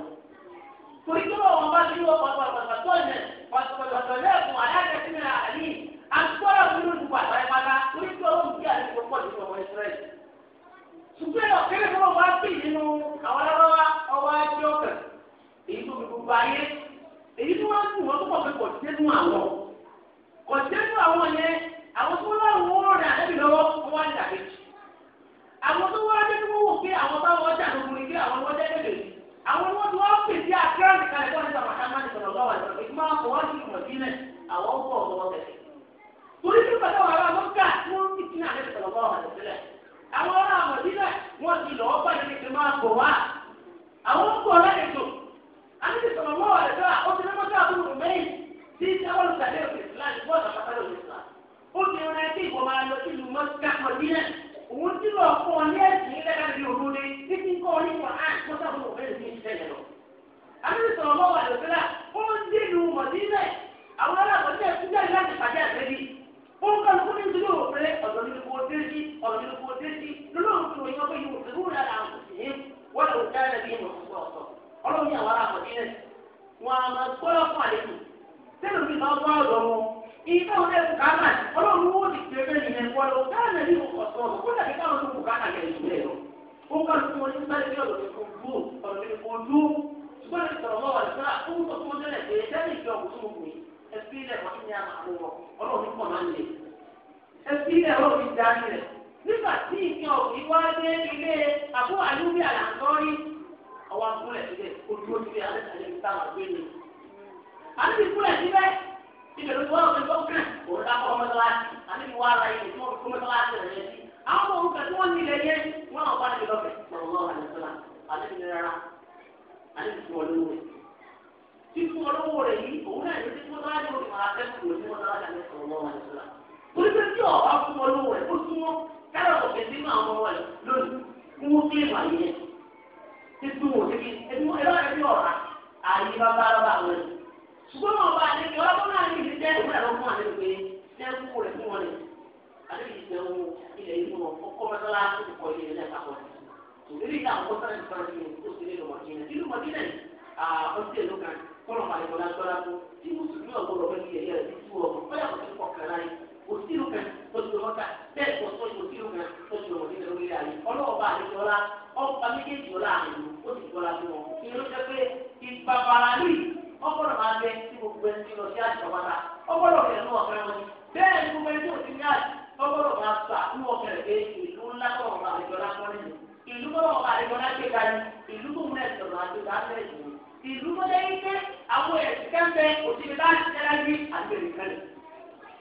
torí tó bá wọn bá ní wọn pàtàkì ọ̀nà pàtàkì ọ̀nà ẹ̀kún aláàjẹ sí mi àní àtúntọ́lá fún mi lùkọ́ àtàrẹ pátá torí tó wọn bí àlejò pọ̀ nínú ọmọ ìsirẹ́lì. ṣùgbọ́n ọ̀kẹ́rẹ́ fún ọba sí nínú àwọn alábáwá ọba ẹgbẹ́ ọ̀kẹ́ èyí tó fi gbogbo ayé èyí tó wọ́n tún wọn tó pọ̀ pé kò dénú àwọn kò dénú àwọn yẹn àwọn tó wọ́n wọ́n wọ́n rẹ̀ àdébì lọ́wọ́ wọ́n wá ń dàbí àwọn tó wọ́n àwọn ọmọ tí wọ́n pè sí àkíyàn kalẹ̀ kọ́ nípa màkàmá ní sọ̀rọ̀ lọ́wọ́ ìsọ̀rọ̀ ìgbà ọkọ̀ wọn ti mọ̀ sílẹ̀ àwọn ọkọ̀ ọ̀dọ́ tẹ̀lé. torí tí bàtà wà láwọn mọ́kà tí wọ́n ti sin àlẹ́ sọ̀rọ̀ lọ́wọ́ àtẹ̀sílẹ̀ àwọn ará àmọ̀dílẹ̀ wọ́n ti lọ́ọ́ bá ní kékeré máa bọ̀ wá. àwọn ọkọ̀ ọ̀lẹ́dẹ̀tò àti ti sọ̀rọ̀ lọ́wọ́ àtẹ̀sílẹ̀ ó ti lọ́mọ́ sáà fún un mẹ́yìn tí sáwọn olùsàlẹ̀ òkè òun tí lọ fún ọ ní ẹ̀sìn ilẹ̀ láti òdodo ní kí kọ́ ọ nípa á kó bẹ́ẹ̀ ní ìṣẹ̀lẹ̀ lọ. àbúrò sọ̀rọ̀ mọ́ wà lọ́sẹ̀lá ó ń dínú mọ̀dínlẹ̀ àwọn alábọ̀dé ẹ̀sìn jáde láti pàdé àtẹ́bí ó ń kọ́ni fún nítorí òfin ọ̀dọ́ nínú kó nínú kó dé ìgbà wọn lẹ́nu kàánà ọlọ́run ó ti pè bẹ́ẹ̀ nìyẹn wọ́n lọ káàná ní ọ̀sán ọ̀sán kó dàbí káwọn tó kù kàánà kẹ̀ ìlú ẹ̀ lọ. ó ká ló fún wọn ní sáré ní ọ̀rọ̀ tó gbó ọ̀rọ̀ tó kò lú ṣùgbọ́n ní sọ̀rọ̀ lọ́wọ́ àti sọ́ra ó ń sọ fún ọjọ́ ẹ̀sẹ̀ ẹ̀sẹ̀ ìjọ ọ̀kùnrin mú mi ẹ̀sí ilẹ̀ wọn ní àmà àwọ̀ ọlọ́run pọ̀ máa ń lè nígbà tí ìkan òkè wá dé ilé àbú àlùbí àlàǹtọ́rí ọwọ́ akúlẹ̀ síbẹ̀ ojú ó ti alẹ́ àlẹ́ ìta àwọn àgbẹ̀ ni. àlùbí kúlẹ̀ síbẹ̀ ibẹ̀ ló ti wá lọ́sẹ̀ gbọ́ngàn òun ká kọ́ mọ́tàláṣí àti mo wá ara yìí tí wọ́n kọ́ mọ́tàláṣí rẹ̀ yẹn sí. àwọn ọmọ òun kẹ́kẹ́ wọ́n nílẹ̀ yẹn wọ́n náà bá nílẹ̀ lọ́fẹ̀ẹ́ sọ̀rọ̀ lọ́wọ́ àlẹ́sọ̀lá àti mi rárá àti mi fún olówó rẹ̀. fífún olówó rẹ̀ yìí òun náà ní fífún mọ́tàláṣí òun máa fẹ́ fún òun mọ́tàláṣí àti sọ̀rọ̀ lọ́wọ́ àlẹ́sọ̀lá. torí pé tí ọ̀bá fún olówó rẹ̀ ó súnmọ́ káyọ̀ ọ̀fẹ́ sí máa wọ rẹ̀ lónìí fún wọn kílè wà yẹn. títún òṣèlú ẹni wọn ẹ̀rọ ẹ̀rí ọ̀rá àyè bá bá bá àwọn ẹ̀sìn ṣùgbọ́n wọn bá àlejò ọlọ́gbọ́n náà ní ìdíjẹ́ ìwúrẹ́ ló fún àlejò pé lẹ́yìn kúkú rẹ̀ fún wọn ni àlejò ìjẹ́ owó ilẹ̀ yìí fún wọn kọ́ mọ́tọ́lá tó ti kọ́ ilé lẹ́ka pọ̀ òbí ìta àwọn kọ́tà ní ìfọ̀rọ̀ yìí tó ti lé lọ màkínà nínú màkínà yìí ọtí èlò kan kọ́nà àlejò lágbára tó tí mùsùlùmí ọ̀gbọ́dọ̀ bẹ́ẹ̀ yẹ̀ yẹ̀ ti tú ọ̀gbọ́n bẹ́ẹ̀ kò tó kọ̀ kẹ́lá yìí òsínú kan tọ́jú lọ mọ́tà bẹ́ẹ̀ kò tó òsínú kan tọ́jú lọ mọ́tà lórí ayé ọlọ́ọ̀bá àlejò ọlá ọba méjèèjì ọlá àlejò ó ti gbọ́lá fún wọn ìrọ́jẹ́ pé ìpàpàrà yìí ọgbọ́dọ̀ máa bẹ tí gbogbo ẹni tí lọ sí àjọ wọn ta ọgbọ́dọ̀ bẹ̀rẹ̀ ní ọ̀fẹ́ wọn ni bẹ́ẹ̀ ni gbogbo ẹni tí ò ti ní àjọ ọgbọ́dọ̀ máa gbà ní ọ̀fẹ́ rẹ̀ pé ìlú ńlá tó wà àlejò lásán nìyí ìlú tó wà àlejò lásán nìyí ìlú tó múlẹ̀ sọ̀rọ̀ àti ìdásílẹ̀ ìlú ìlú tó dé ike àwọn ẹ̀sìn kẹ́ńpẹ́ òsibí láti tẹ́lájú àgbèrè kẹ́lẹ̀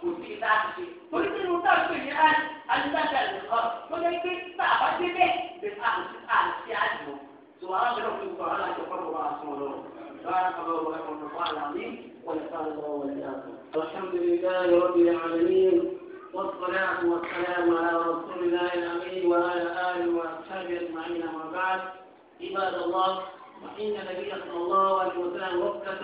òsibí láti ṣe torí nínú táwọn ènìyàn láti alúgbàgbà nìkan tó dé ike tá a bá dé bẹ́ẹ̀ bẹ́ẹ̀ àti àti àjò tó wà á bẹ̀rẹ̀ òfin kọ̀ọ̀rọ̀ láti ọ̀pọ̀lọpọ̀ àti ọ̀lọ́run. الحمد لله رب العالمين والصلاة والسلام على رسول الله الأمين وعلى آله وأصحابه أجمعين أما بعد عباد الله فإن النبي صلى الله عليه وسلم وقت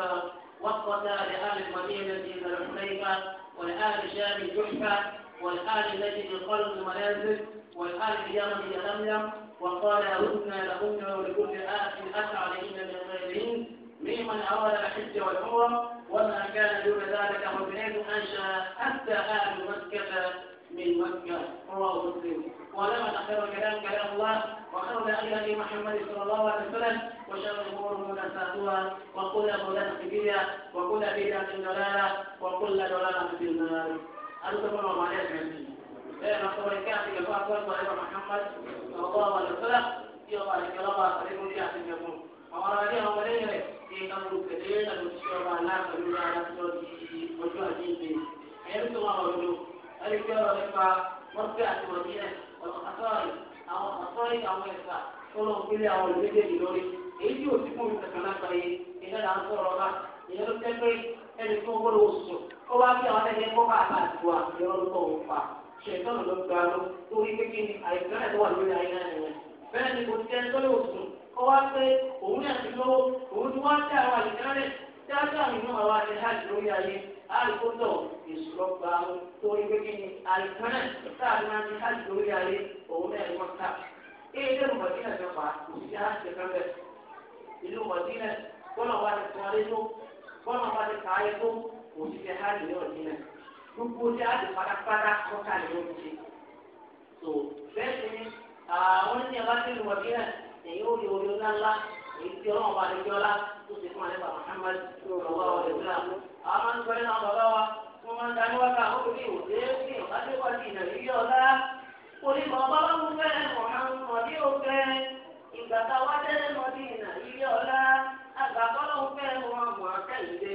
وقت لأهل المدينة إلى الحليفة ولأهل شام الجحفة والآل التي في قلب المنازل والآل اليمن يمن يلملم وقال أردنا لهن ولكل آت أسعى عليهن من غيرهن ممن أراد الحج والعمرة وما كان دون ذلك وبنيت أنشأ حتى أهل مكة من مكة رواه مسلم ولما أخر الكلام كلام الله وخير الهدي محمد صلى الله عليه وسلم وشر الأمور محدثاتها وقل محدثة بدعة وكل بدعة ضلالة وكل ضلالة في النار. أنتم ومعايا أجمعين. لأن أخبرك أنك محمد صلى الله عليه وسلم يلا يلا الله يخليكم يا أخي يقول. وأنا عليها وليه ní káwọn òkèlè àti òṣìṣẹ́ ọba aláàbẹ̀lú ara tó di ọjọ́ àjíǹde. ẹ̀yẹ́rú tó wà ọ̀dọ́ ẹ̀rí pé ọ̀rọ̀ nípa wọ́n fẹ́ àti wọ́n ní ẹ̀ àwọn àtọ́rí àwọn ẹ̀ka tó lọ gbélé àwọn olùgbéjèèjì lórí. èyí tí òsì fún mi kankan lágbàáyé ìyá là ń sọ̀rọ̀ ọba ìyá ló tẹ́ pé ẹni tó gbọ́dọ̀ oṣù ó wá bí àwọn ẹgbẹ́ kọ́ bá àtàdùà ìrọ̀lùkọ̀ òun fà ṣètọ́nù ló gbà ló torí pé kí ni àìsàn ẹ̀ tó wà lórí ayé náà nìyẹn. bẹ́ẹ̀ ni kò sí ẹni tó lè oṣù kọ́ wá pé òun ní àti lówó òun ti wá tẹ àwọn àyíkárẹ̀ dájú àmì náà wá ní hajj lórí ayé àlùkòtò ìṣùlọ́gba torí pé kí ni àyíkárẹ̀ táàbí máa ní hajj lórí ayé òun náà ní wọ́n ká. ilé mọ̀dínà ti fà kò sí hajj kankan ìlú mọ̀dínà bọ́lá wa ti sọ alẹ́ tó bọ́lá wa ti kàáyé tó kò sí ti hajj ní mọ̀dínà gbogbo ti hajj pátápátá kọ́ta ni wọ́n ti ṣe. bẹ́ẹ̀ ni àwọn oníṣẹ́ bá ti lù mọ̀dínà ẹ̀yin ó rí orí ọlá ńlá èyí tí ọlọ́run bá lè fi ọlá tó ti fún àlẹ́bà Muhammad lọ́wọ́ ọ̀lẹ́gbẹ́lá. àwọn máa ń sọ nínú bàbá wa wọ́n máa ń dání wákà ó rí òde ní ọ̀bádéwájú ìnàlẹ́ yí ọlá. onímọ̀ bàbá mú fẹ́ mọ̀dí òfẹ́ wọn fẹ́ wọn mọ̀ kẹ́hìndé.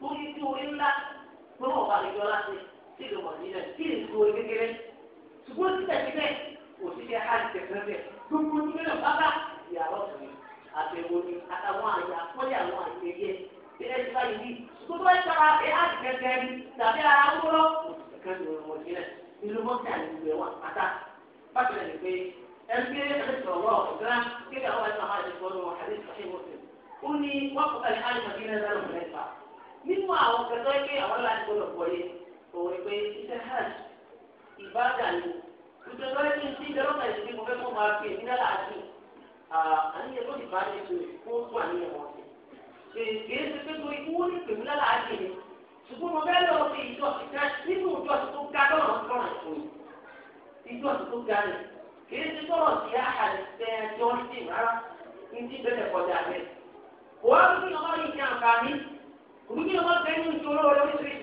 torí tí orí ńlá gbọ́dọ̀ wà lè yọ láti sí ìlú mọ̀dí náà sí ìlú ṣùgbọ́n síbẹ̀síbẹ̀ kò sí ṣe hajj tẹ̀síbẹ̀ gbogbo ní mẹ́rin bábà ìyàwó ọ̀sìn àbẹ̀wò ni àtàwọn àyà àkọ́lé àwọn àyẹyẹ ilé ti báyìí ní gbogbo ẹ̀ sọ̀rọ̀ àbẹ̀ hajj gẹ́gẹ́ ni tàbí ara wúrọ́ kẹ́kẹ́ ló mọ̀ sílẹ̀ ìlú mọ́tì àlejò ẹ̀ wà pátá bákan ẹ̀ pé ẹgbẹ́ ẹ̀sọ̀rọ̀ ọ̀gá kéde àwọn ẹ̀sọ̀ àwọn àdìsọ́ ní wọn àdìsọ́ ṣe mọ̀ sí ó ní wọ́n kọ́ kẹ́lẹ́ àyè màdí náà lọ́rùn mẹ́fà nínú àwọn kẹtọ́ ẹgbẹ́ ìbáàdà ni ìjọ lọ́wọ́ ẹni tí ìjọ lọ́kàn yìí mo fẹ́ kó máa fi èmi náà láti àníyẹ tó ti báyìí tó kó kó àníyẹ wọn sí kì í ṣe pé torí kí wọ́n ní pèmí náà láti ni ṣùgbọ́n mo fẹ́ lọ sí ìjọ ìkan nínú ìjọ tó ga lọ́rọ̀ lọ́rọ̀ ìfún ìjọ tó ga ni kì í ṣe tọ́rọ̀ sí àhàlẹ̀ ẹjọ́ sí rárá ní ti bẹ̀rẹ̀ kọjá rẹ̀ kò wá kí ọmọ yìí ní àǹfààní bẹ́ẹ̀ ní ìṣòro rẹ̀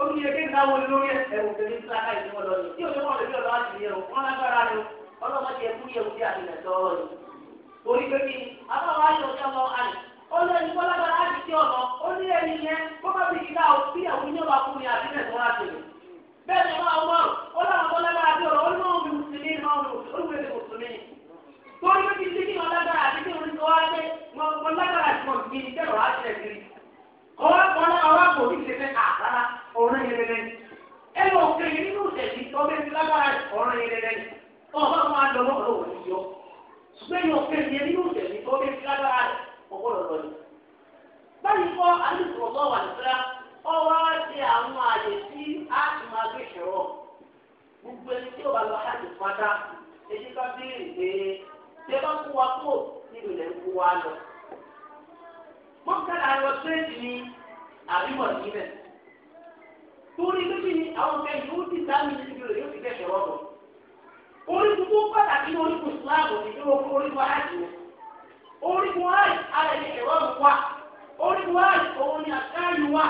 ó ní ẹgbẹ́ ìdáwó lórí ẹ̀wọ̀n tẹ̀lé ní sáà káyìí wọn lọ́yọ̀ tí òṣèlú wọn lè fi ọ̀dọ́ yẹ o wọn lágbára ni ọlọ́mọ ti ẹkú yẹ òkú àti ìlẹ̀tọ́ ọ̀rọ̀ yìí. torí pé kí abáwá ayọ̀ ní ọmọ àlè ó lé ní kọ́lágbára láti tí ọmọ ó ní ẹni yẹn kó má fi kíkà ó bí àwọn oníyẹn wà fún mi àti ilẹ̀ tó wá tẹ̀lé. bẹ́ẹ̀ ni ọmọ ọwọ́ akọ́lá ọwọ́ akọ́ òbí ṣe fẹ́ àbára ah, ọ̀rọ̀ yẹn lẹ́lẹ́ ẹ lọ kẹ́ yìí nínú ìṣẹ̀lẹ̀ ìtọ́bẹ̀ ti lágbára ọ̀rọ̀ yẹn lẹ́lẹ́ ọba máa dọ̀ lọ́wọ́ lọ́wọ́ ní yọ ṣùgbọ́n yọ kẹ́ yẹn nínú ìṣẹ̀lẹ̀ ìtọ́bẹ̀ ti lágbára ọgbọ́dọ̀ lọ ni. báyìí kọ́ alùpùpù wà nípa ọwọ́ ti àwọn àyè tí a ti máa gbé ìṣòro gbogbo mọ́kànlá lọ sírẹ́tì ni àbímọ̀ níbẹ̀. torí méjì ni àwọn ọ̀gá yìí ó ti dá mi níbi rẹ̀ yóò fi kẹ̀kẹ́ rọ́bọ̀. orígun tó pàtàkì ní orígun Islam ní ìlú orígun aájì rẹ̀. orígun aájì ara ẹni ẹ̀rọ mi wá. orígun aájì òun ni àkáyù wá.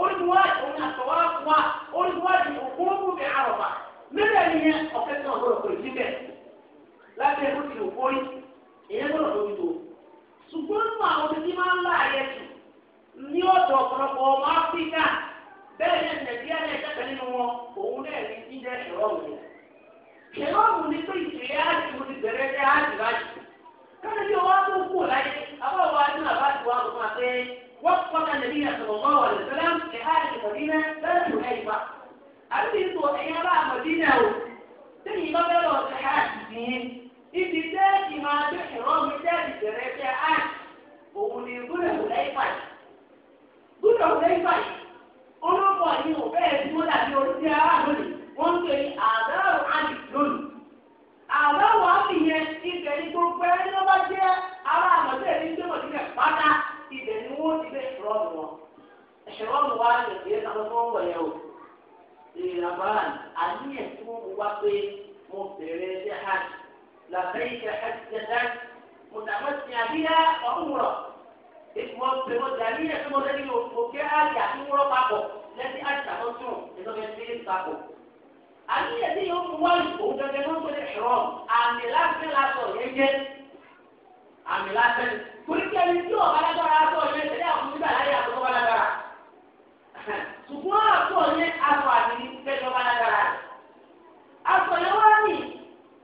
orígun aájì òun ni àtọ̀wá wá. orígun aájì òkúrúkú mi àrọ̀bà. mílẹ̀ ni ọ̀kẹ́ tí wọ́n gbọ́dọ̀ pè é níbẹ̀. lábẹ́ ìlú ti ṣùgbọ́n nínú àwọn tí máa ń láàyè jù ní ọ̀dọ̀ ọ̀pọ̀lọpọ̀ ọmọ na bẹ́ẹ̀ ní nàìjíríà wọn òun náà ya. jíjẹ́ ṣẹ̀rọ̀mù ni. ṣẹ̀rọ̀mù ni pé ìṣẹ̀lẹ̀ áàjì mo ti bẹ̀rẹ̀ ṣẹ́ áàjì láàjì. káyọ̀ bí ibi tẹ́ẹ̀kì máa gbé ìrọ́mi tẹ́ẹ̀kì bẹ̀rẹ̀ tẹ́ áì òun ni gbúdọ̀ gbúdọ̀ olóko bẹ́ẹ̀ tí dàbí wọ́n ń pè ní lónìí yẹn gbogbo ẹni bá jẹ́ àmọ̀tẹ́ ẹni لبيك حجة متمتع بها وعمرة ìfowópamọ́ dání ẹ̀sùn mọ́tẹ́ ní òkè àti àtúwúrọ́ papọ̀ lẹ́sìn àti àtọ́sùn nínú ẹgbẹ́ sílẹ̀ papọ̀. àníyàn tí yóò mú wáyé òun gẹ́gẹ́ ló ń pè é ẹ̀rọ àmì lásán lásán yẹn jẹ́ àmì lásán. torípé ẹni tí ọ̀gá lágbára aṣọ yẹn tẹ́lẹ̀ àwọn onígbà láyé àtọ́kọ́ bá lágbára. ṣùgbọ́n àtọ́ yẹn aṣọ àmì tẹ́lẹ̀ bá lágbára. aṣọ yẹn wá ní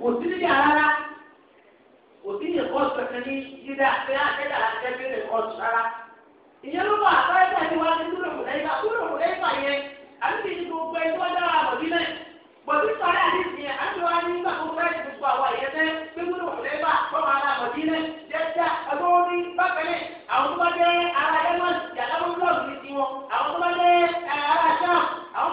kò sí níyà rárá kò sí ní kọ́ọ̀sì kankan ní dídá pé àtẹ́jà àtẹ́jà ní kọ́ọ̀sì rárá ìyẹn ló wà àtẹ́jà ní wàá ní kúrò kò lẹ́yìn kúrò kò lẹ́yìn fàyẹ àbíbi ní gbogbo ẹ̀ tó dára àbọ̀dí náà bọ̀dí sọ̀rọ̀ àdìsí yẹn àti wàá ní gbàgbó fẹ́ẹ́ ti gbogbo àwọn ìyẹn tẹ́ pé kúrò kò lẹ́yìn bá bọ́ọ̀ ara àbọ̀dí náà jẹ́jà agbóhóní bákẹ́lẹ̀ àwọn tó bá jẹ́ ara yẹ́mọ̀ yàrá bọ́ọ̀lù ní tiwọn àwọn tó bá jẹ́ eh, ara ṣáà àwọn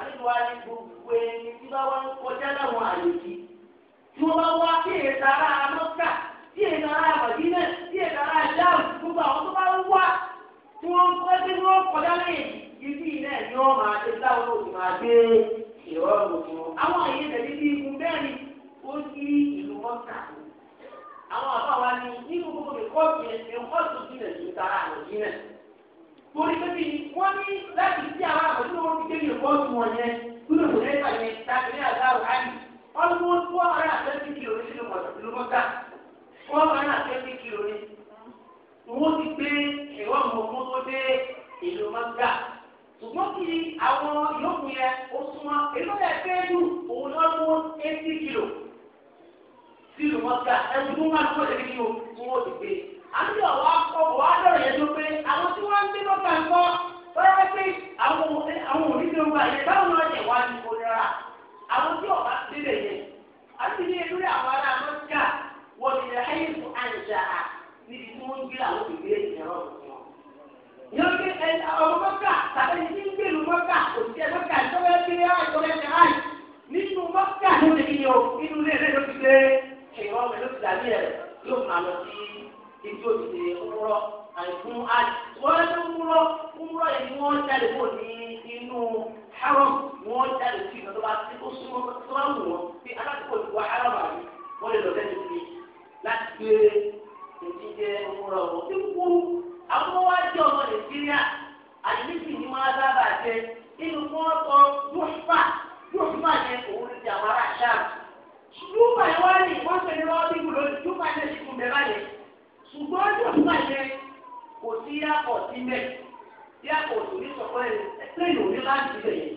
àdúgbò wa ní gbogbo ẹni tí bá wá kọjá láwọn àyè tí wọ́n bá wá kí èèta ara amọ́ta kí èèta ara àbàdínà kí èèta ara gbogbo àwọn tó bá ń wá tí wọ́n kọjá lẹ́yìn ibi náà ni wọ́n máa ṣe táwọn máa gbé ìrọ̀rùn wọn. àwọn àyè tẹ̀lé bí ikú bẹ́ẹ̀ ni ó ìlú mọ́ta. àwọn torí pé bí wọ́n ní láti sí àwọn àbẹ̀tí wọn fi débi ìfọ́sù wọn yẹn kúrò ní ẹ̀fà yẹn láti ní àgbà òhánì ọlọ́wọ́ tó ọ̀rẹ́ àtẹ́tí kìlò ní sínú mọ̀tòkìlò mọ́tà wọ́n ọ̀rẹ́ àtẹ́tí kìlò ní. wọ́n ti gbé ẹ̀rọ mọ̀mọ́ tó dé ìlú mọ́tà ṣùgbọ́n kí àwọn yòókù yẹn ó súnmọ́ èló ẹ̀ fẹ́ lù òun lọ́wọ́ eighty kìlò sínú mọ́tà ẹ̀ àbí ọ̀wá kọ ọ̀wá dọ̀rọ̀ yẹn tó pé àwọn tí wọ́n ń gbé lọ́gbà ń kọ́ lọ́wọ́ pé àwọn àwọn onídìí ọgbà yẹn báwọn náà yẹ wá ní onira àwọn tí ọ̀wá sílẹ̀ yẹn àti ní ewúrẹ́ àwọn ará amọ́síkà wọ́n ti rẹ̀ ayé fún àyíṣà à níbi tí wọ́n ń gbé àwọn ìgbé ìrọ̀ yóò gbé ẹ ọmọ mọ́kà tàbí ní gbèlú mọ́kà òṣìṣẹ́ mọ́kà ìjọba ẹgbẹ́ àìsàn ẹgbẹ́ àì nínú mọ́kà ló lè yọ inú ilé rẹ̀ ló ti gbé ṣèwọ́n mi ló ti dàbí ẹ̀ yóò máa lọ sí ibi òtítì ńlọ àìfún àti wọ́n ní ńlọ ńlọ yẹn ni wọ́n jáde kó ní inú haram wọ́n jáde sí ìgbà tó bá ti kó súnmọ́ tó bá wù wọ́n bí alákòókò ti wá haram àbí wọ́n lè lọ lẹ́nu sí láti gbé èyí jẹ́ ńlọ wọn. Ibu àwọn wá jẹ́ ọmọ Nàìjíríà àyíkì ni wọ́n á dábàá jẹ inú wọn sọ yóòfà yóòfà yẹn òun ti àwọn ará ṣáà. Yóòfà yẹn wá ní ìwọ́n ṣe ní wọ́n bí gbòòrò yóòfà yẹn ti kùn bẹ́ẹ̀ báyẹn ṣùgbọ́n ọjọ́ ìgbà yẹn kò sí yàpọ̀ sí mẹ́ yàpọ̀ sí ní sọ̀kọ́ ẹ̀ ẹ̀sẹ̀yìn òní láti bẹ̀ yẹn.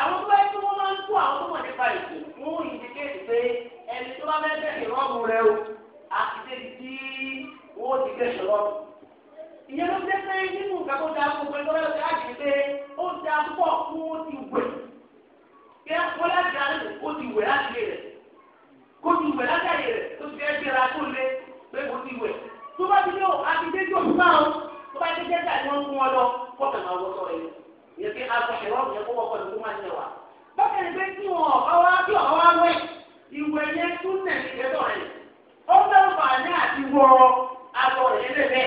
àwọn tó bá tí wọ́n máa ń kó àwọn tó mọ̀ nípa ètò mú ìdíkéèdì pé ẹni tó bá fẹ́ bẹ̀rẹ̀ rọ́ọ̀mù rẹ o àti débi tí owó ti bẹ̀rẹ̀ rọ́ọ̀mù. ìyẹn ló jẹ́ pé nínú nǹkan tó dáa fún pé lọ́wọ́ ti láti pé ó dáa púpọ̀ fún ó ti wẹ̀ kí wọ́n láti dáa lẹ́nu ó ti wẹ̀ láti rẹ̀ kó ti wẹ̀ láti rẹ̀ tó ti fẹ́ gbéra tó lé pé kó ti wẹ̀ tó bá ti yóò akéde tó ń bá wọn tó bá ti jẹ́ ká ni wọ́n mú wọn lọ kọ́kẹ́ máa wọ́sọ̀ rẹ̀ yẹ kí aṣọ ẹ̀rọ yẹn kó wọ́pọ̀ ló máa ń yẹ wa. bákan ní pé tí wọn ọ̀gá wa bí ọ̀gá wa wẹ̀ ìwẹ̀ yẹn tún nẹ̀ ìgbẹ́tọ̀ rẹ̀ ó fẹ́ fà ní àti wọ aṣọ rẹ̀ lẹ́fẹ̀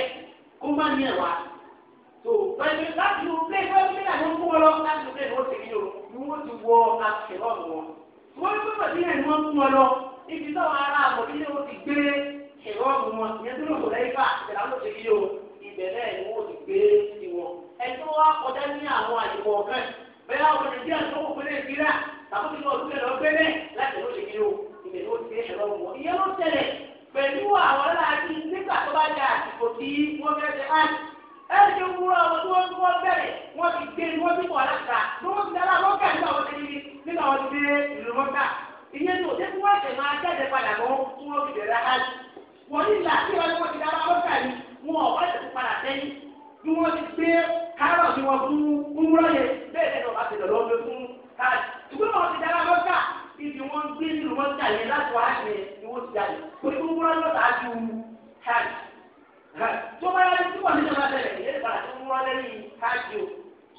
kó má ní ẹ̀wà. tó pẹ̀lú láti lu pé ìwé ìwé náà ló ń kó wọn lọ láti lu pé ìwé òsèlú yòó ni wọ́n ti wọ aṣọ ẹ̀rọ wọn. wọ́n ní pé pẹ̀lú ìrọ́ọ̀mù wọn ìyẹn tó lòdò lẹ́yìn bá ìjẹ̀lá ló ti yí o ibẹ̀ náà ni wọ́n ti gbé sí wọn. ẹni tó wá kọjá ní àwọn àyẹ̀wò ọ̀kan bẹ́ẹ̀ àwọn nàìjíríà tó wọ́n pẹ̀lẹ́ ìdíra tàbí tí wọ́n tún lè lọ gbẹ́lẹ̀ láti ló ti yí o ibẹ̀ ló ti ẹ̀rọ wọn. ìyẹn ló tẹ̀lẹ̀ pẹ̀lú àwọn láti nígbà tó bá da àsìkò tí wọ́n fẹ́ ṣe án ẹ̀ẹ́dẹ̀ wúrọ̀ àwọn tí wọ́n tún wọ́n bẹ̀rẹ̀ wọ́n ti gbé wọ́n ti wọ̀ láta ni wọ́n ti o tẹ́ fún wọ́n ní ìlà tí wọ́n ti dára lọ́kà yìí wọn ọ̀pá ti padà sẹ́yìn bí wọ́n ti gbé kárọ̀ tí wọ́n fún kúmúrọ̀ yẹn bẹ́ẹ̀ bẹ́ẹ̀ lọ́ba ti lọ́ọ́ gbé fún káàdì ìgbé wọn ti dára lọ́kà ibi wọ́n gbé nínú wọn jà yẹn láti wá yẹn ni wọ́n ti jáde kò ní kúmúrọ̀ lọ́kà á ju káàdì tó bá yára tí wọ́n ti jọba bẹ̀rẹ̀ yẹn ìgbà tó múrọ̀ lẹ́yìn káàdì o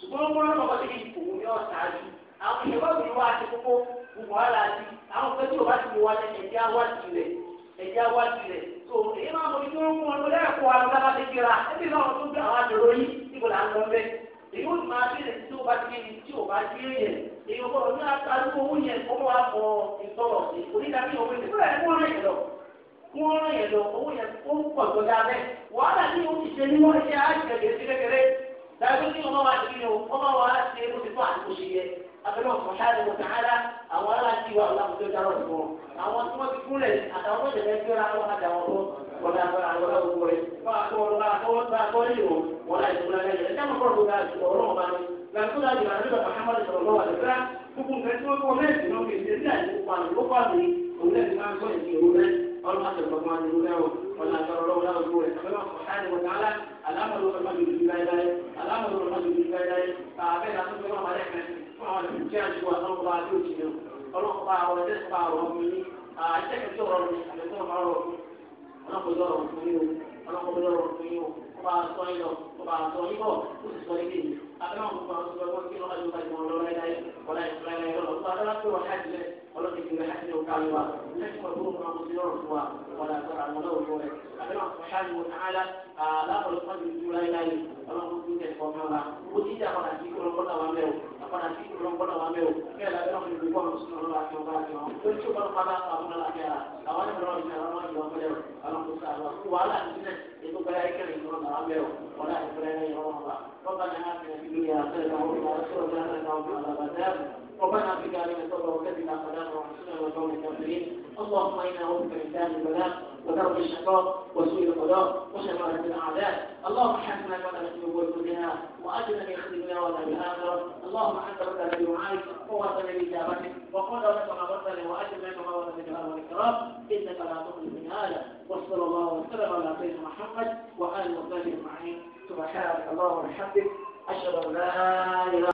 ṣùgbọ́n múrọ̀ lọ́kọ̀ tó yẹ kò ní ọ̀sáájú àwọn ìyẹ̀wò ìlú wa ti kókó gbogbo wa la di àwọn pẹ̀lú ìwádìí wa lẹ́yìn ẹ̀dí awádìí rẹ̀ ẹ̀jẹ̀ awájú rẹ̀ tó èyí máa mọ̀ nígbà wọn wọn lórí ẹ̀kọ́ alágbá ti gbéra ẹbí náà tó gbé àwọn àdúró yìí níbo là ń lọ bẹ́ẹ̀ èyí ó máa bí rẹ̀ tí o bá ti yẹn tí o bá ti yẹn èyí ó ní àtàlùkò owó yẹn kó wá mọ ìtọ́rọ̀ onídàbí òwe ní kúrẹ́ kó rẹ̀ lọ kó rẹ̀ lọ owó yẹn ó pọ̀ tó dáa bẹ́ẹ̀ wàhálà ní o ti ṣe ní wọ́n ṣe àjẹgẹ̀ àwọn ará ti wà láwùjọ tó dáwọ̀ tó àwọn tí wọ́n ti kúnlẹ̀ àtàwọn tó tẹ̀lé tí wọ́n àwọn àjà wọn tó wọ́n dá agbára àwọn ọlọ́wọ́ rẹ̀ fún akọ́wọ́n bá akọ́wọ́n bá akọ́wọ́n yìí o wọ́n láì tó lálẹ́ yẹn ẹ̀dá mọ̀kọ́ ló dáa jùlọ ọlọ́wọ́ bá ní làǹkó dáa jùlọ àdúgbò Muhammad sọ̀rọ̀ lọ́wọ́ àdúgbò gbogbo nǹkan tí wọ́n kọ́ mẹ́sì náà kì í ṣe sí àdúgbò àdúgbò àmì òun náà ti máa ń gbọ́ ìdí òun náà ọlọ́wọ́ àtẹ̀kọ́ máa ń dúró náà wọ́n láì tó lọ́wọ́ láwùjọ rẹ̀ àbẹ́wọ̀n kọ̀ọ̀kan ìwọ̀n tààlà alámọ̀lú ọlọ́mọdé ìlú láéláé alámọ̀lú ọlọ́mọdé ìlú láéláé àbẹ́rẹ́ àtúntò náà wà lẹ́kẹ̀ẹ́ fún àwọn ìlú tí a ti wà náà wọ́n bá a tó ti náà ọlọ́pàá àwọn ẹ̀jẹ̀ pa àwọn ọmọ mi àjẹkẹ́ tó rọrùn àjẹkẹ́ tó rọrùn ọlọ́pàá tó rọrùn fún yín o ọlọ́pàá tó rọrùn fún yín o wọ́n bá sọ yín lọ wọ́n bá sọ yín bọ̀ ó sì sọ yín lẹ́yìn abẹ́rẹ́ wọn kò fà ọlọ́dún kìí hajj ní ọ̀gá wa hajj ma gbọ́dọ̀ máa mú sí ọ̀rọ̀ fún wa ọ̀dà àtọ́ra àwọn ọlọ́wọ́ fún rẹ̀ àbí wọn fún hajj wọn ala alábọ̀lọ́ fún mi ju láyé láyé ọlọ́run tún tẹ̀ fọ́ máa wa ó ti dà padà sí kọlọ́kọ́lá wa mẹ́ o àpadà sí kọlọ́kọ́lá wa mẹ́ o bẹ́ẹ̀ la bẹ́ẹ̀ wọn fi gbọ́ àwọn sùn ọlọ́wọ́ àti ọba àti wọn lórí tí ó bá wọn bá àwọn ọlọ́wọ́ àti ara àwọn ẹ̀rọ ìṣẹ̀ àwọn ọmọ ìjọba mẹ́rọ àwọn kò sáà lọ wàhálà nílẹ̀ ètò gbẹ́rẹ́ kẹrin ìṣòro àwọn mẹ́rọ ọ̀la ìṣòro ẹ̀rọ ìṣòro ọ̀la ربنا آتنا في الدنيا حسنة وفي الآخرة حسنة وقنا عذاب النار ربنا بجعلنا صبر وكذبنا قدام وحسنا وقوم الكافرين اللهم انا نعوذ من دان البلاء ودرب الشقاء وسوء القضاء وشمالة الاعداء اللهم حسنا لنا في الامور كلها واجرنا في خدمنا ولا بالاخره اللهم انت ربنا بدعائك ووصلنا باجابتك وقل لك ما وصلنا واجرنا كما وصل الجلال والاكرام انك لا تخلف من هذا وصلى الله وسلم على سيدنا محمد واله وصحبه اجمعين سبحانك اللهم وبحمدك اشهد ان لا اله